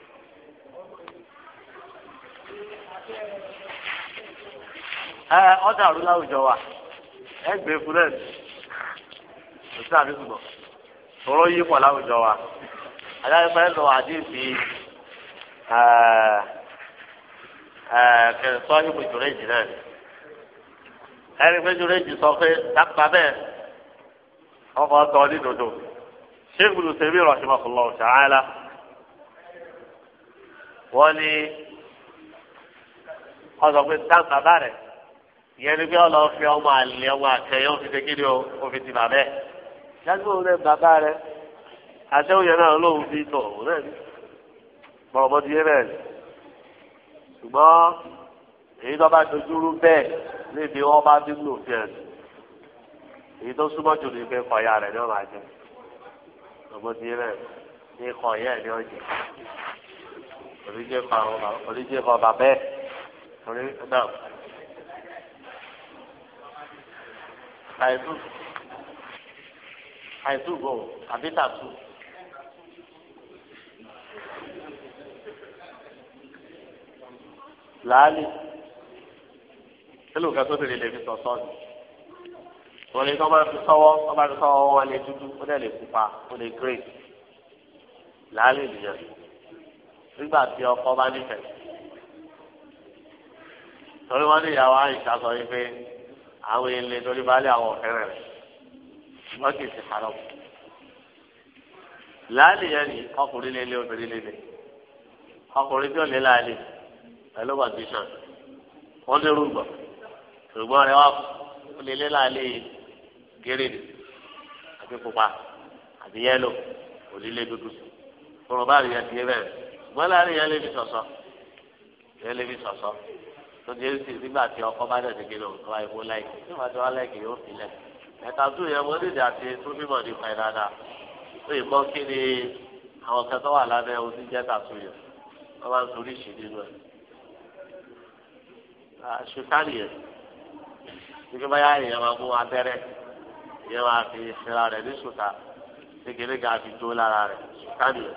ẹ ọdọ àrùn láwùjọ wa ẹ gbé fúlẹẹsì kò sí àbí nọ. tọrọ yí pọ̀ láwùjọ wa adájọpẹ lọ àdéhùn kẹsọ ìbò jùrẹ́jì náà ẹni pé jùrẹ́jì sọ pé dábàá bẹ́ẹ̀ ọkọ̀ ọ̀tọ̀ ní dòdò ṣé gbùdùsẹ̀ bí rọ̀ṣùmọ̀kùnlọ̀ la. wọ́n ní ọsọ pé tán bàbá rẹ̀ ìyẹn ni pé ọlọ́ fi ọmọ àlè ọmọ àkẹyẹ fi ṣe o ó fi ti bàbá ẹ̀ yàtọ̀ bàbá rẹ̀ àtẹ̀wò yẹn náà lóun fi tọ̀ òun rẹ̀ ni bọ̀rọ̀bọ̀ ti bẹ́ẹ̀ ni ṣùgbọ́n èyí tó bá dojúrú bẹ́ẹ̀ níbi wọ́n bá dín lò fi ẹ̀sùn èyí tó súnmọ́ jù ní pé kọ̀ọ̀yà rẹ̀ ni wọ́n jẹ bọ̀rọ̀bọ̀ ti bẹ́ẹ̀ ni kọ̀ọ̀yà ni wọ́n oríṣi kan oríṣi kan bàbá ẹ orí náà àìsù àìsù bò àbí tàtù. làálì kílò kan tó tẹ̀lé lè fi sọ sọ́ọ̀nù wọ́n lè tọ́ bá fi sọ́wọ́ tọ́ bá fi sọ́wọ́ wọ́n lè dúdú ó dẹ̀ lè pupa ó lè gírè làálì nìyẹn nígbà tí ọkọ bá nífẹ̀ẹ́ torí wọn ní ìyàwó àyíká sọ wípé àwọn ilé torí bá lé àwọn ọ̀fẹ́rẹ̀ rẹ̀ wọ́n kì í sì parọ́ láàlì yẹn ni ọkùnrin lé lé obìnrin lé lé ọkùnrin tí ò lé láàlì pẹ̀lú condition wọ́n lé rúgbọ̀n rúgbọ̀n rẹ̀ wá ó lé lé láàlì gírìn àti pupa àti yẹ́lò òlílé dúdú fúnra báyìí yẹn ti yé bẹ́ẹ̀ ṣùgbọ́n láàrin yẹn lè fi sọ̀sọ̀ yẹn lè fi sọ̀sọ̀ tó di èsì nígbà tí ọkọ bá dẹ̀ dégé lòun tó wáyé kó láìkì tí màá tó wá láìkì yóò fi lẹ̀ ẹ̀ka tó yẹ wọ́n dìde àti tó mímọ̀ nípa ẹ̀ dáadáa tó yìí mọ́ kí ni àwọn kan tó wà lábẹ́ ojú jẹ́ tàtú yẹ wọ́n máa ń torí ṣì nínú ẹ̀ ṣùtárì yẹn nígbà báyà èèyàn máa mú abẹ́rẹ́ èèyàn máa fi ṣẹlá rẹ̀ ní ṣùtà kékeré yẹn.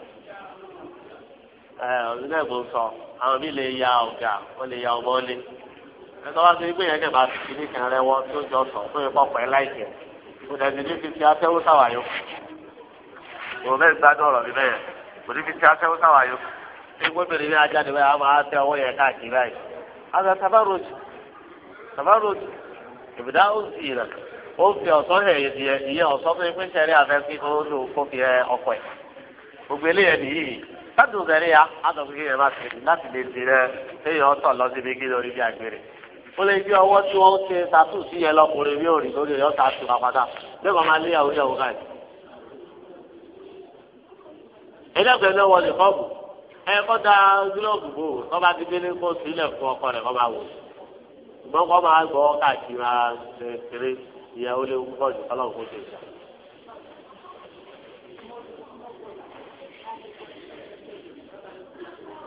ọ̀dúnlẹ̀ sọ àwọn ya ọ̀gà wọ́n lè ya ẹ̀tọ́ wá sí yẹn bá ti fi ní kẹrẹ sọ fún pẹ́ láìpẹ́ kò dẹ̀ fi ti afẹ́wó sàwáyó bẹ́ẹ̀ mi bẹ́ẹ̀ kò ní fi ti afẹ́wó sàwáyó ẹgbẹ́ bèrè ní ajá ni máa tẹ ọwọ́ yẹn káàkiri báyìí. ìbùdá ó sì rẹ̀ ó fi fún sádùn bẹ̀rẹ̀ yá àtọ̀kùn kí ẹ má tẹ̀lé láti lè ti rẹ téèyàn e, tọ̀ lọ síbi kí lórí bí agbèrè ó lè bí ọwọ́ tí wọ́n ṣe tàtù sí yẹn lọkùnrin bí òrì lórí ẹ̀yọ́ tàtù àpáta lẹ́kọ̀ọ́ máa lé àwùjọ òun káàkiri. ẹlẹ́gbẹ̀ẹ́ náà wọlé kọ́ọ̀bù ẹ kọ́ da gílọ́ọ̀bù bò ó kọ́ bá ti délé kó sílẹ̀ fún ọkọ rẹ̀ kọ́ bá wò ṣùgbọ́n kọ́ máa gbọ́ káàkiri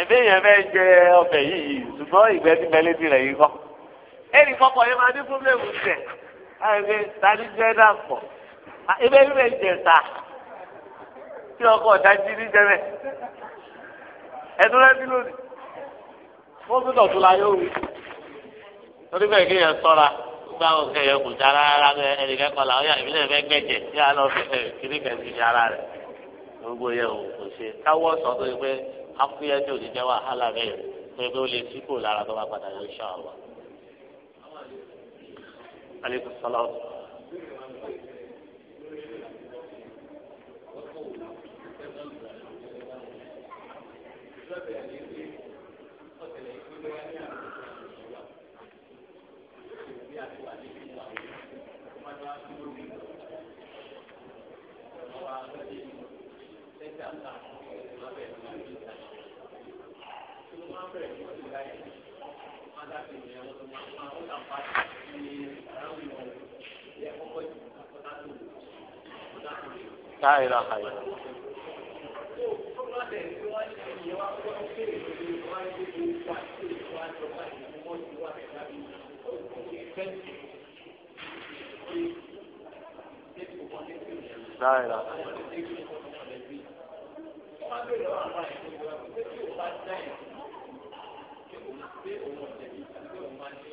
ẹ̀mí yẹn fẹ́ jẹ ọbẹ̀ yìí ṣùgbọ́n ìgbẹ́ ti bẹ́lẹ́ ti rẹ̀ yìí kọ́. ẹnì kọ́kọ́ yẹn máa ní fúnbẹ́ẹ̀mù tẹ̀ àìgbé tani jẹ́ náà pọ̀ ibẹ̀ ibẹ̀ jẹ ta tí ọkọ̀ ọ̀dà jí ní jẹ́rẹ̀ ẹ̀dúrà bí lónìí wọ́n tún dọ̀tún la yóò wí. torí bẹ́ẹ̀ kí yẹn sọ́ra gba òkè yẹn kò já rárá ẹnìkan kọ́ la ọ̀yà ìbílẹ̀ fẹ́ gbẹ̀jẹ̀ tí a lọ fẹ́ kiri kẹ̀sì yàrá rẹ̀ gbogbo yẹn kò ṣe káwọ́ sọ akúyẹ́dì ò ní jẹ́ wàhálà bẹ́ẹ̀ pé pé ó lè tí kò lára tó bá padà yóò ṣá wa. aleykum salaam. Thank you. láì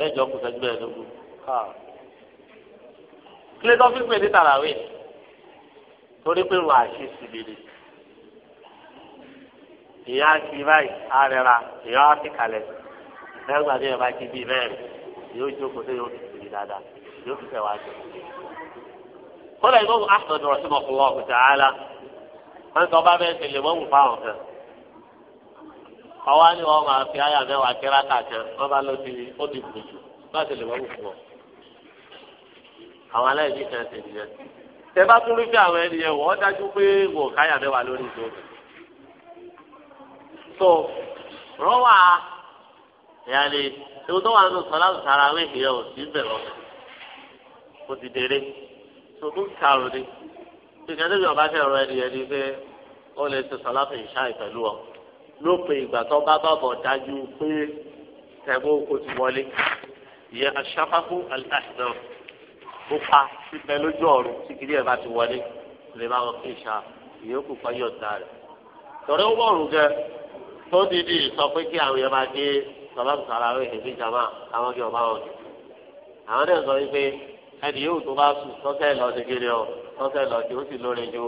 mẹ́jọ kù sẹ́jú mẹ́ẹ̀ẹ́dógún kílé tó fi pè ní tàràwé torí pé wọn àṣe síbìrì ìyá ti báyìí arẹra ìyá ti kalẹ̀ lẹ́gbàá tí yẹn bá ti bí bẹ́ẹ̀ yóò jókòó tó yóò fi síbìrì dáadáa yóò fi tẹ̀wá jọ. kọ́lá ìgbọ́n Ahmed rahimahullah ta'ala wọ́n sọ bá bẹ́ẹ̀ tẹ̀lé wọ́n wù fáwọn kan ọwọ́ ni wọ́n máa fi àyà mẹ́wàá kẹ́rà kàkẹ́ wọ́n bá lọ sí ó ti kù jù bá ti lè wọ́n fún ọ. àwọn aláìsí kan ti nìyẹn. tẹ bá tún lójú àwọn ènìyàn wọ́n dájú pé wò káyà mẹ́wàá lórí ìjọ. tó rọ́wà ìyáni ewu tó wà nínú sọlá sara wé ìyẹn ò sí bẹ̀rẹ̀ ọ̀sẹ̀ kò ti dèrè tó tún kàrò ni. ìgbà tó bí ọba fẹ́ rọ ẹnìyẹn ni pé ó lè ṣe sọlá fún ìṣá ìpẹ̀lú ọ lópin ìgbà tó bá bàbọ̀ dájú pé tẹ̀gbọ́n oko ti wọlé ìyẹ aṣáfáfó aláìsàn pupa síbẹ̀ lójú ọ̀run tí kìdí ẹ̀ bá ti wọlé lè má wọn fi ṣá ìyókù fọyọ̀ ta rẹ̀. tọ̀rẹ́ ó wọ̀rùn gẹ tó dídì sọ pé kí àwọn yẹn máa dé sọlọ́ọ̀tà ara rẹ̀ èmi jàmá àwọn kí ọba wọn kì. àwọn náà sọ wípé ẹnì yóò tó bá sùn tọ́sẹ̀ lọ sí kiri ọ tọ́sẹ̀ lọ sí ó sì lóore ju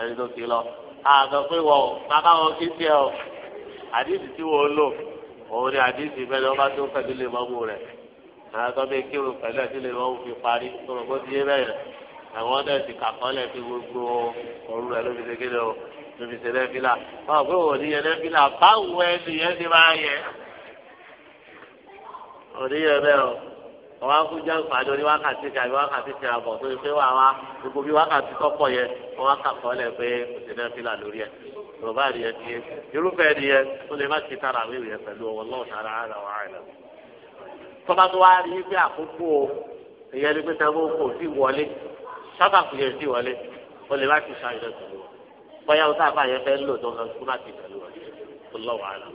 ẹni tó ti lọ. àgbẹ̀ pé wọ́n àdìsí tí wọ́n lò òun ni àdìsí bẹ́ẹ̀ ọba tó pẹ̀lú lè mọ́mú rẹ̀ àtọ́ bí kírun pẹ̀lú ẹ̀ tí lè mọ́mú fi parí tó rò bó ti yé bẹ́ẹ̀ àwọn ọdẹ ti kàkọ́lẹ̀ fi gbogbo ọ̀rú rẹ̀ lóbi ṣe kéde o lóbi ṣe lẹ́fílà báwo pé òun ní yẹn lẹ́fílà báwo ẹni yẹn ti máa yẹ òní yẹn bẹ́ẹ̀ o ọba kú jẹ́ ìpàdé oní wákàtí kàbí wákàtí ti àbọ̀ tó ṣe wà wá gbogbo bí wákàtí tọ́pọ̀ yẹn wọ́n wá kàkọ́lẹ̀ pé kò ṣe lẹ́fílà lórí ẹ̀ bàbá àdìyẹ ti yẹ irúfẹ́ àdìyẹ ó lè má ti tara àwìn rẹ pẹ̀lú ọwọ́ lọ́wọ́ tara ara wà áyà lọ. tọ́ba tó wá rí pé àkókò ìyẹn ni pé tẹ́wọ́ kò sí wọlé sábà kò yẹ sí wọlé ó lè má ti ṣàyẹ̀ pẹ̀lú wọn. bóyá o sábà yẹ fẹ́ lò tó kan má ti pẹ̀lú wọn lọ́wọ́ àyà lọ.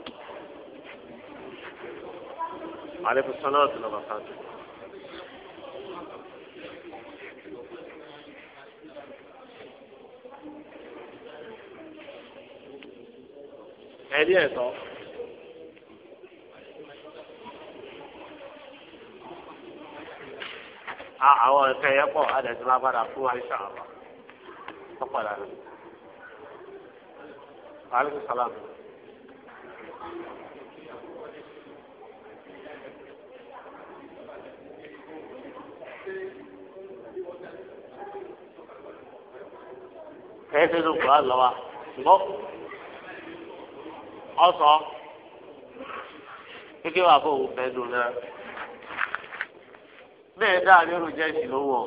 fún sọ́nà ọ̀sán lọ́wọ́ sáà ẹ̀rí ẹ̀tọ́. àwọn yẹn pọ̀ adẹ̀sí máa padà fún tó padà wa ṣùgbọ́n. ọsọ kékeré wà fún òun fẹ́ dùn náà bẹ́ẹ̀ dáa ní olùjẹ́ ìṣìlò wọ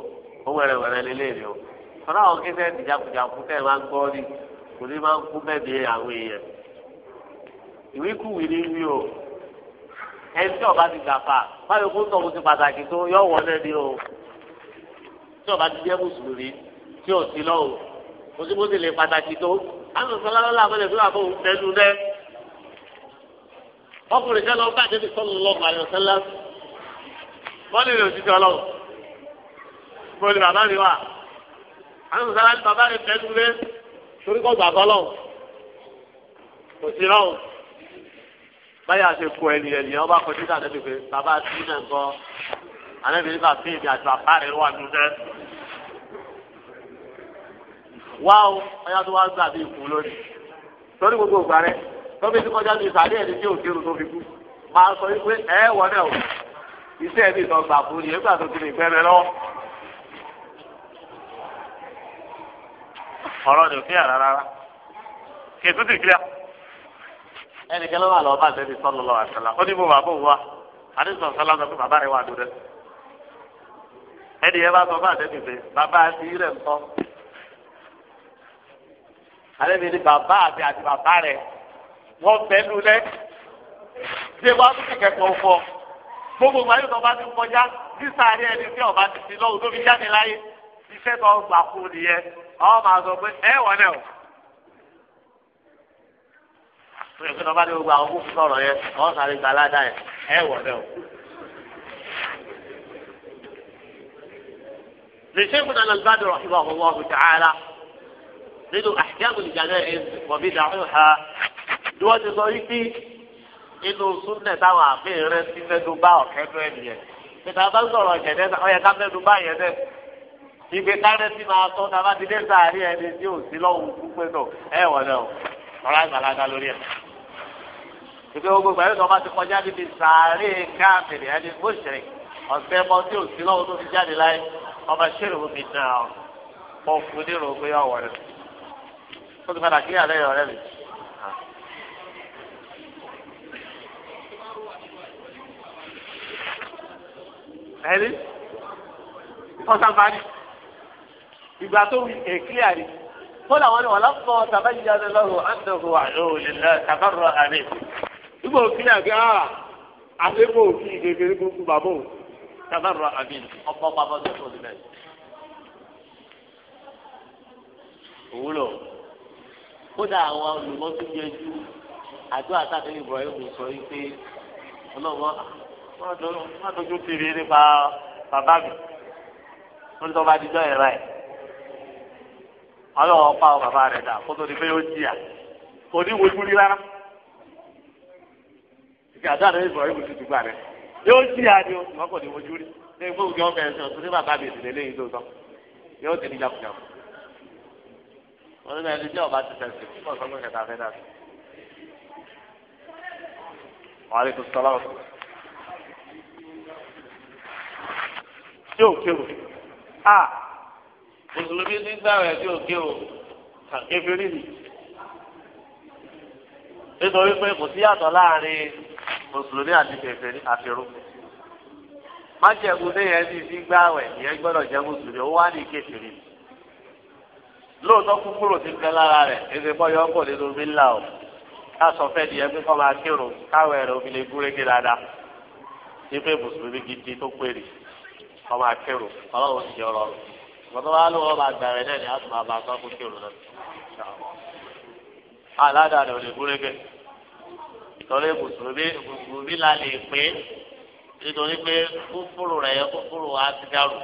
owó ẹ̀rẹ̀wẹ̀rẹ̀ lélẹ́ẹ̀rì o fọlá àwọn kékeré ti jakujaku tẹ́ ẹ máa ń gbọ́ ni kò ní máa ń kú bẹ́ẹ̀ bí àwọn èèyàn ìwíkúwì ní wí o ẹni tí ọba ti gbà fà báyọ̀ kó ń tọ́ mo ti pàtàkì tó yọ wọ́n náà ni o tí ọba ti jẹ́ mùsùlùmí tí ò sí lọ́wọ́ kò sí bó ti lè pàtàkì tó àwọn sọlá lọ́la àbẹ̀lẹ̀ fún àbọ̀ òun fẹ́ náà ọkùnrin kan lọ bá débi sọ́nù lọ pàdé ọ̀sẹ́lá wọ́n lè lò títí ọlọ́run mo lè bàbá mi wà àwọn sọ́nà ní bàbá mi pẹ̀lú rẹ torí kọ́ gbàgbọ́ lọ́wọ́ kò sí lọ́wọ́ báyà ṣe kó ẹni ẹni ọ bá kọjú dà débi pé bàbá sí náà ń kọ́ anábìrin bá èmi àti bàbá rẹ wà nù dẹ́ wá o ọyá tó wá gbà bí ìkú lónìí torí gbogbo ìgbà rẹ tọ́bí tí kọjá ní ìsàlẹ̀ ẹni tí òkèrò tó fi kú máa sọ wípé ẹ wọ náà o iṣẹ́ ẹni ìtàn gbà fún yẹn gbà tó ti lè fẹ́rẹ̀ lọ́wọ́. ọ̀rọ̀ ni ò fi hàn rárá kètù ti kíá ẹnìkan ló wà lọ́wọ́ bá tẹ́lẹ̀ sọ́nù lọ́wọ́ àṣàlà ó ní mo bàbá òun wa àdéhùn sọ́lá sọ pé bàbá rẹ̀ wà dúró ẹnì yẹn bá sọ bá tẹ́lẹ̀ pé bàbá ti rẹ̀ ń tọ́ àlẹ́ mi ni bàbá àti àti bàbá rẹ̀ wọ́n bẹ́ẹ̀ lulẹ̀ ṣé wàá tún ti kẹ́kọ̀ọ́ fọ́ gbogbo ìgbà yóò tó bá ti kọjá sísá rí ẹni tí ọba ti ti lọ́wọ́ tó fi jáde láyé iṣẹ́ tó gbà kú nìyẹn àwọn máa sọ pé ẹ wọ náà o ìpè tó bá gbogbo àwọn kókó sọ̀rọ̀ yẹn wọ́n sáré gba aládá yẹn ẹ wọ náà لشيخنا الألباني رحمه الله تعالى لأنه أحكام الجنائز وبدعها ni wọ́n ti sọ wípé inú súnẹ̀ táwọn àfin rẹ ti mẹ́nu bá ọ̀kẹ́ tó ẹ̀ nìyẹn pété a bá sọ̀rọ̀ ọ̀jẹ̀ dẹ́sà ọ̀yẹ ká mẹ́nu bá yẹn dẹ́ ibi kárẹ́ ti máa tọ́ ta bá ti dé sàárì ẹni tí ò sí lọ́wọ́ fún pé tó ẹ wọ̀ náà ọ̀rọ̀ àgbàlagbà lórí ẹ̀ ìgbé gbogbo ẹ̀rọ tó bá ti kọjá níbi sàárì káàkiri ẹni mọ́ṣẹ̀rì ọ̀sẹ̀ mọ́ tí ò sí lọ́wọ́ tó fi jáde láyé ọba ṣẹlẹ̀ omi náà ọ̀fun nírò pé ọ̀wọ̀ rẹ̀ ó ti padà kí àlẹ́ yọ̀ rẹ̀ rẹ̀. ẹni ọ̀sánfàní ìgbà tó wí èkìlì àrí wọ́n làwọn ni wọ́n lọ́pọ̀ tàbáyé yára lọ́rùn àtẹ̀wò àlòlélẹ̀ tàbárọ̀ àrẹ ìgbà òkìlì àgbẹ̀ àrà àlébò òkìlì kékeré gbogbo bàbá òun tàbárọ̀ àbí ọ̀pọ̀ pàbọ̀ tó tó lẹ̀ òwúlò kódà àwọn olùmọ́tò yẹjú àdó àtàkùn ìbọ̀ ẹ̀ mú sọ yìí pé ọlọ́wọ́ má dojú tìrì nípa bàbá mi wọ́n tó bá dijọ́ yẹn báyìí ọlọ́wọ́ pa ọ bàbá rẹ̀ dà kó tó di pé ó jìyà kò ní wojú rí rárá ìgbàdá rẹ̀ ìbọ̀ ìbùsù ti gbà rẹ̀ yóò jìyà ni o ìwọ́n kò ní wojú rí ní ìgbóhùn kí wọ́n bẹ̀rẹ̀ sí ọ̀tún ní bàbá mi ìdílé lẹ́yìn tó tán yóò ti ní jagunjagun wọn ní ẹni tí ọba ti tẹsí fún ọsán lókè tá a fẹ́ dà sí. wàhálà ìkùsùn tọ́lá ọ̀sán. tí ò kéwò a mùsùlùmí ní sáwẹ̀ tí ò kéwò kàkéfìrí ni nítorí pé kò sí yàtọ̀ láàrin mùsùlùmí àti kèfèrí àfẹrú májẹ̀kú déyẹn ti fi gbáwẹ̀ ìyẹn gbọ́dọ̀ jẹ́ mùsùlùmí ó wá ní kèfèrí lóòótọ́ kúkúrò ti bẹ lára rẹ̀ èdè bọ́yọ̀ ọ̀pọ̀ nínú mílà o káàsọ̀ fẹ́ di ẹgbẹ́ kọ́ máa kírun káwẹ̀ rẹ̀ omi lè gúrégé dáadáa ní pé mùsùlùmí gidi tó péré ọba akérò ọlọ́run ti ọ̀rọ̀ gbọ́dọ̀ wà lọ́wọ́ ọba àgbàrẹ̀ náà ni a tún máa bá sọ́kù kérò náà. aládàá ni òde gúrégé ìtọ́lé mùsùlùmí mùsùlùmí la lè pé nítorí pé kúfúrú rẹ̀ yẹ kúfúrú wa ti dàrú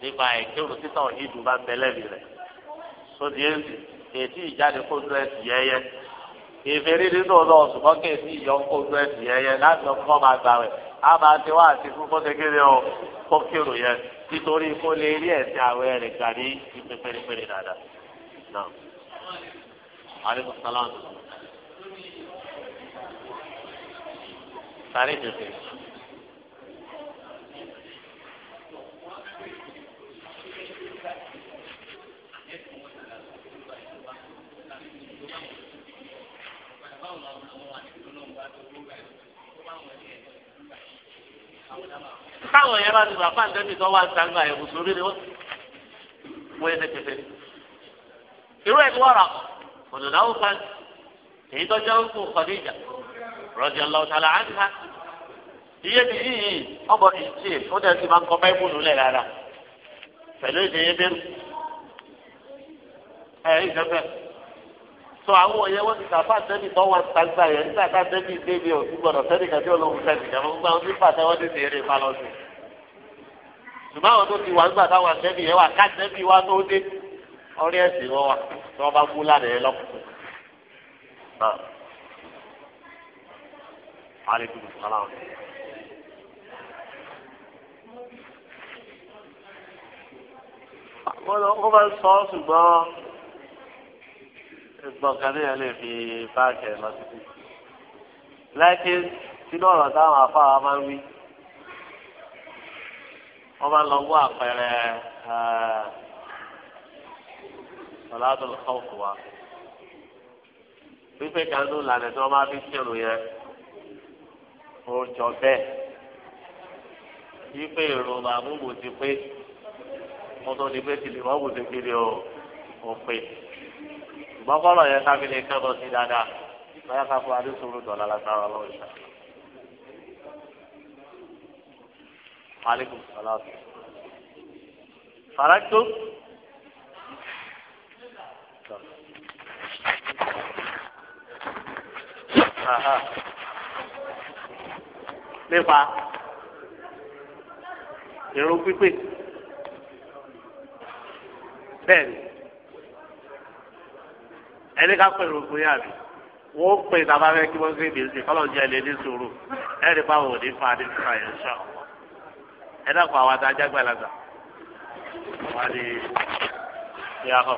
nípa ìkérò títàn ìdù bá ń bẹ lẹ́bi rẹ̀ sódì èsì kèétí ìjáde kó dúró ẹ̀sì yẹ́yẹ́ kèéfé rí nínú ọ̀nà ọ̀sùn mọ́ kèétí ìyọ́ kó dúró ẹ̀sì yẹ́yẹ́ láti ọkọ̀ máa gbà rẹ̀ a máa ti wá àti fún kọ́tẹ́kẹ́lé ọ kọ́kẹ́rù yẹn nítorí kó lè rí ẹ̀sìn àwẹ̀ rẹ̀ gbà ní ìpè pérépéré dáadáa. náà aleykum salaam. sáré tètè. Thank you táwọn yẹn bá ti bàbá àtẹ́mì tó wà ń sangbà ẹ̀ mùsùlùmí ni wọ́n wọ́n yẹn kẹfẹ́ irú ẹ̀ wọ́ra òdòdó àwọn fan èyí tó jẹ́ òkú Khadija radiyallahu ta'ala anha iye mi yìí ọgbọ ìtì ó dẹ̀ ti máa ń kọ báíbùlù lẹ̀ rárá pẹ̀lú ìdíyẹ bẹ́rù ẹ̀ ìjọba sọ àwọn òye wọn ti kàfà sẹ́ni tó wọn sàgbà yẹn nígbà tá sẹ́ni débi òsì gbọdọ̀ sẹ́ni kàtí olóhùn sẹ́ni kàtí gbogbo àwọn tí pàtẹ́ wọn ti tèrè fa lọ sí. ṣùgbọ́n àwọn tó ti wà nígbà táwọn sẹ́ni yẹn wà ká sẹ́ni wa tó dé ọrí ẹ̀sìn wọn wà tí wọ́n bá kú lánàá yẹn lọ́kùnkùn. wọ́n máa ń sọ ṣùgbọ́n gbọ̀n kan lè fi báàgì ẹ̀ lọ títí. láìpẹ́ sínú ọ̀rọ̀ táwọn afáwa máa ń wí wọ́n máa lọ wọ́ àpẹẹrẹ ọ̀làdùn ọ̀fù wa wípé kanú lànà tí wọ́n máa fi kírun yẹn ó jọ bẹ́ẹ̀ wípé èrò màmúmù ti pé wọ́n tó di pé tìlímọ́mù ti kiri ó pé ṣùgbọ́n kọ́lọ̀ yẹn ká fi lè kẹ́kọ̀ọ́ sí dáadáa báyà ká fún adéṣòro dọ̀là látara ọlọ́run ṣá. maaleykum salaam. farajto. nípa irun pípé bẹ́ẹ̀ ni ẹni ká pèrò fún yà mí wọ́n pè tàbá fẹ́ kí wọ́n gbé sí kọ́lọ́ jẹ́ lé ní sùúrù ẹni bá wò ní fa ní fa yẹn sọ ẹ dàpọ̀ àwọn àtàjà gbàlagbà wọ́n á ní ìyá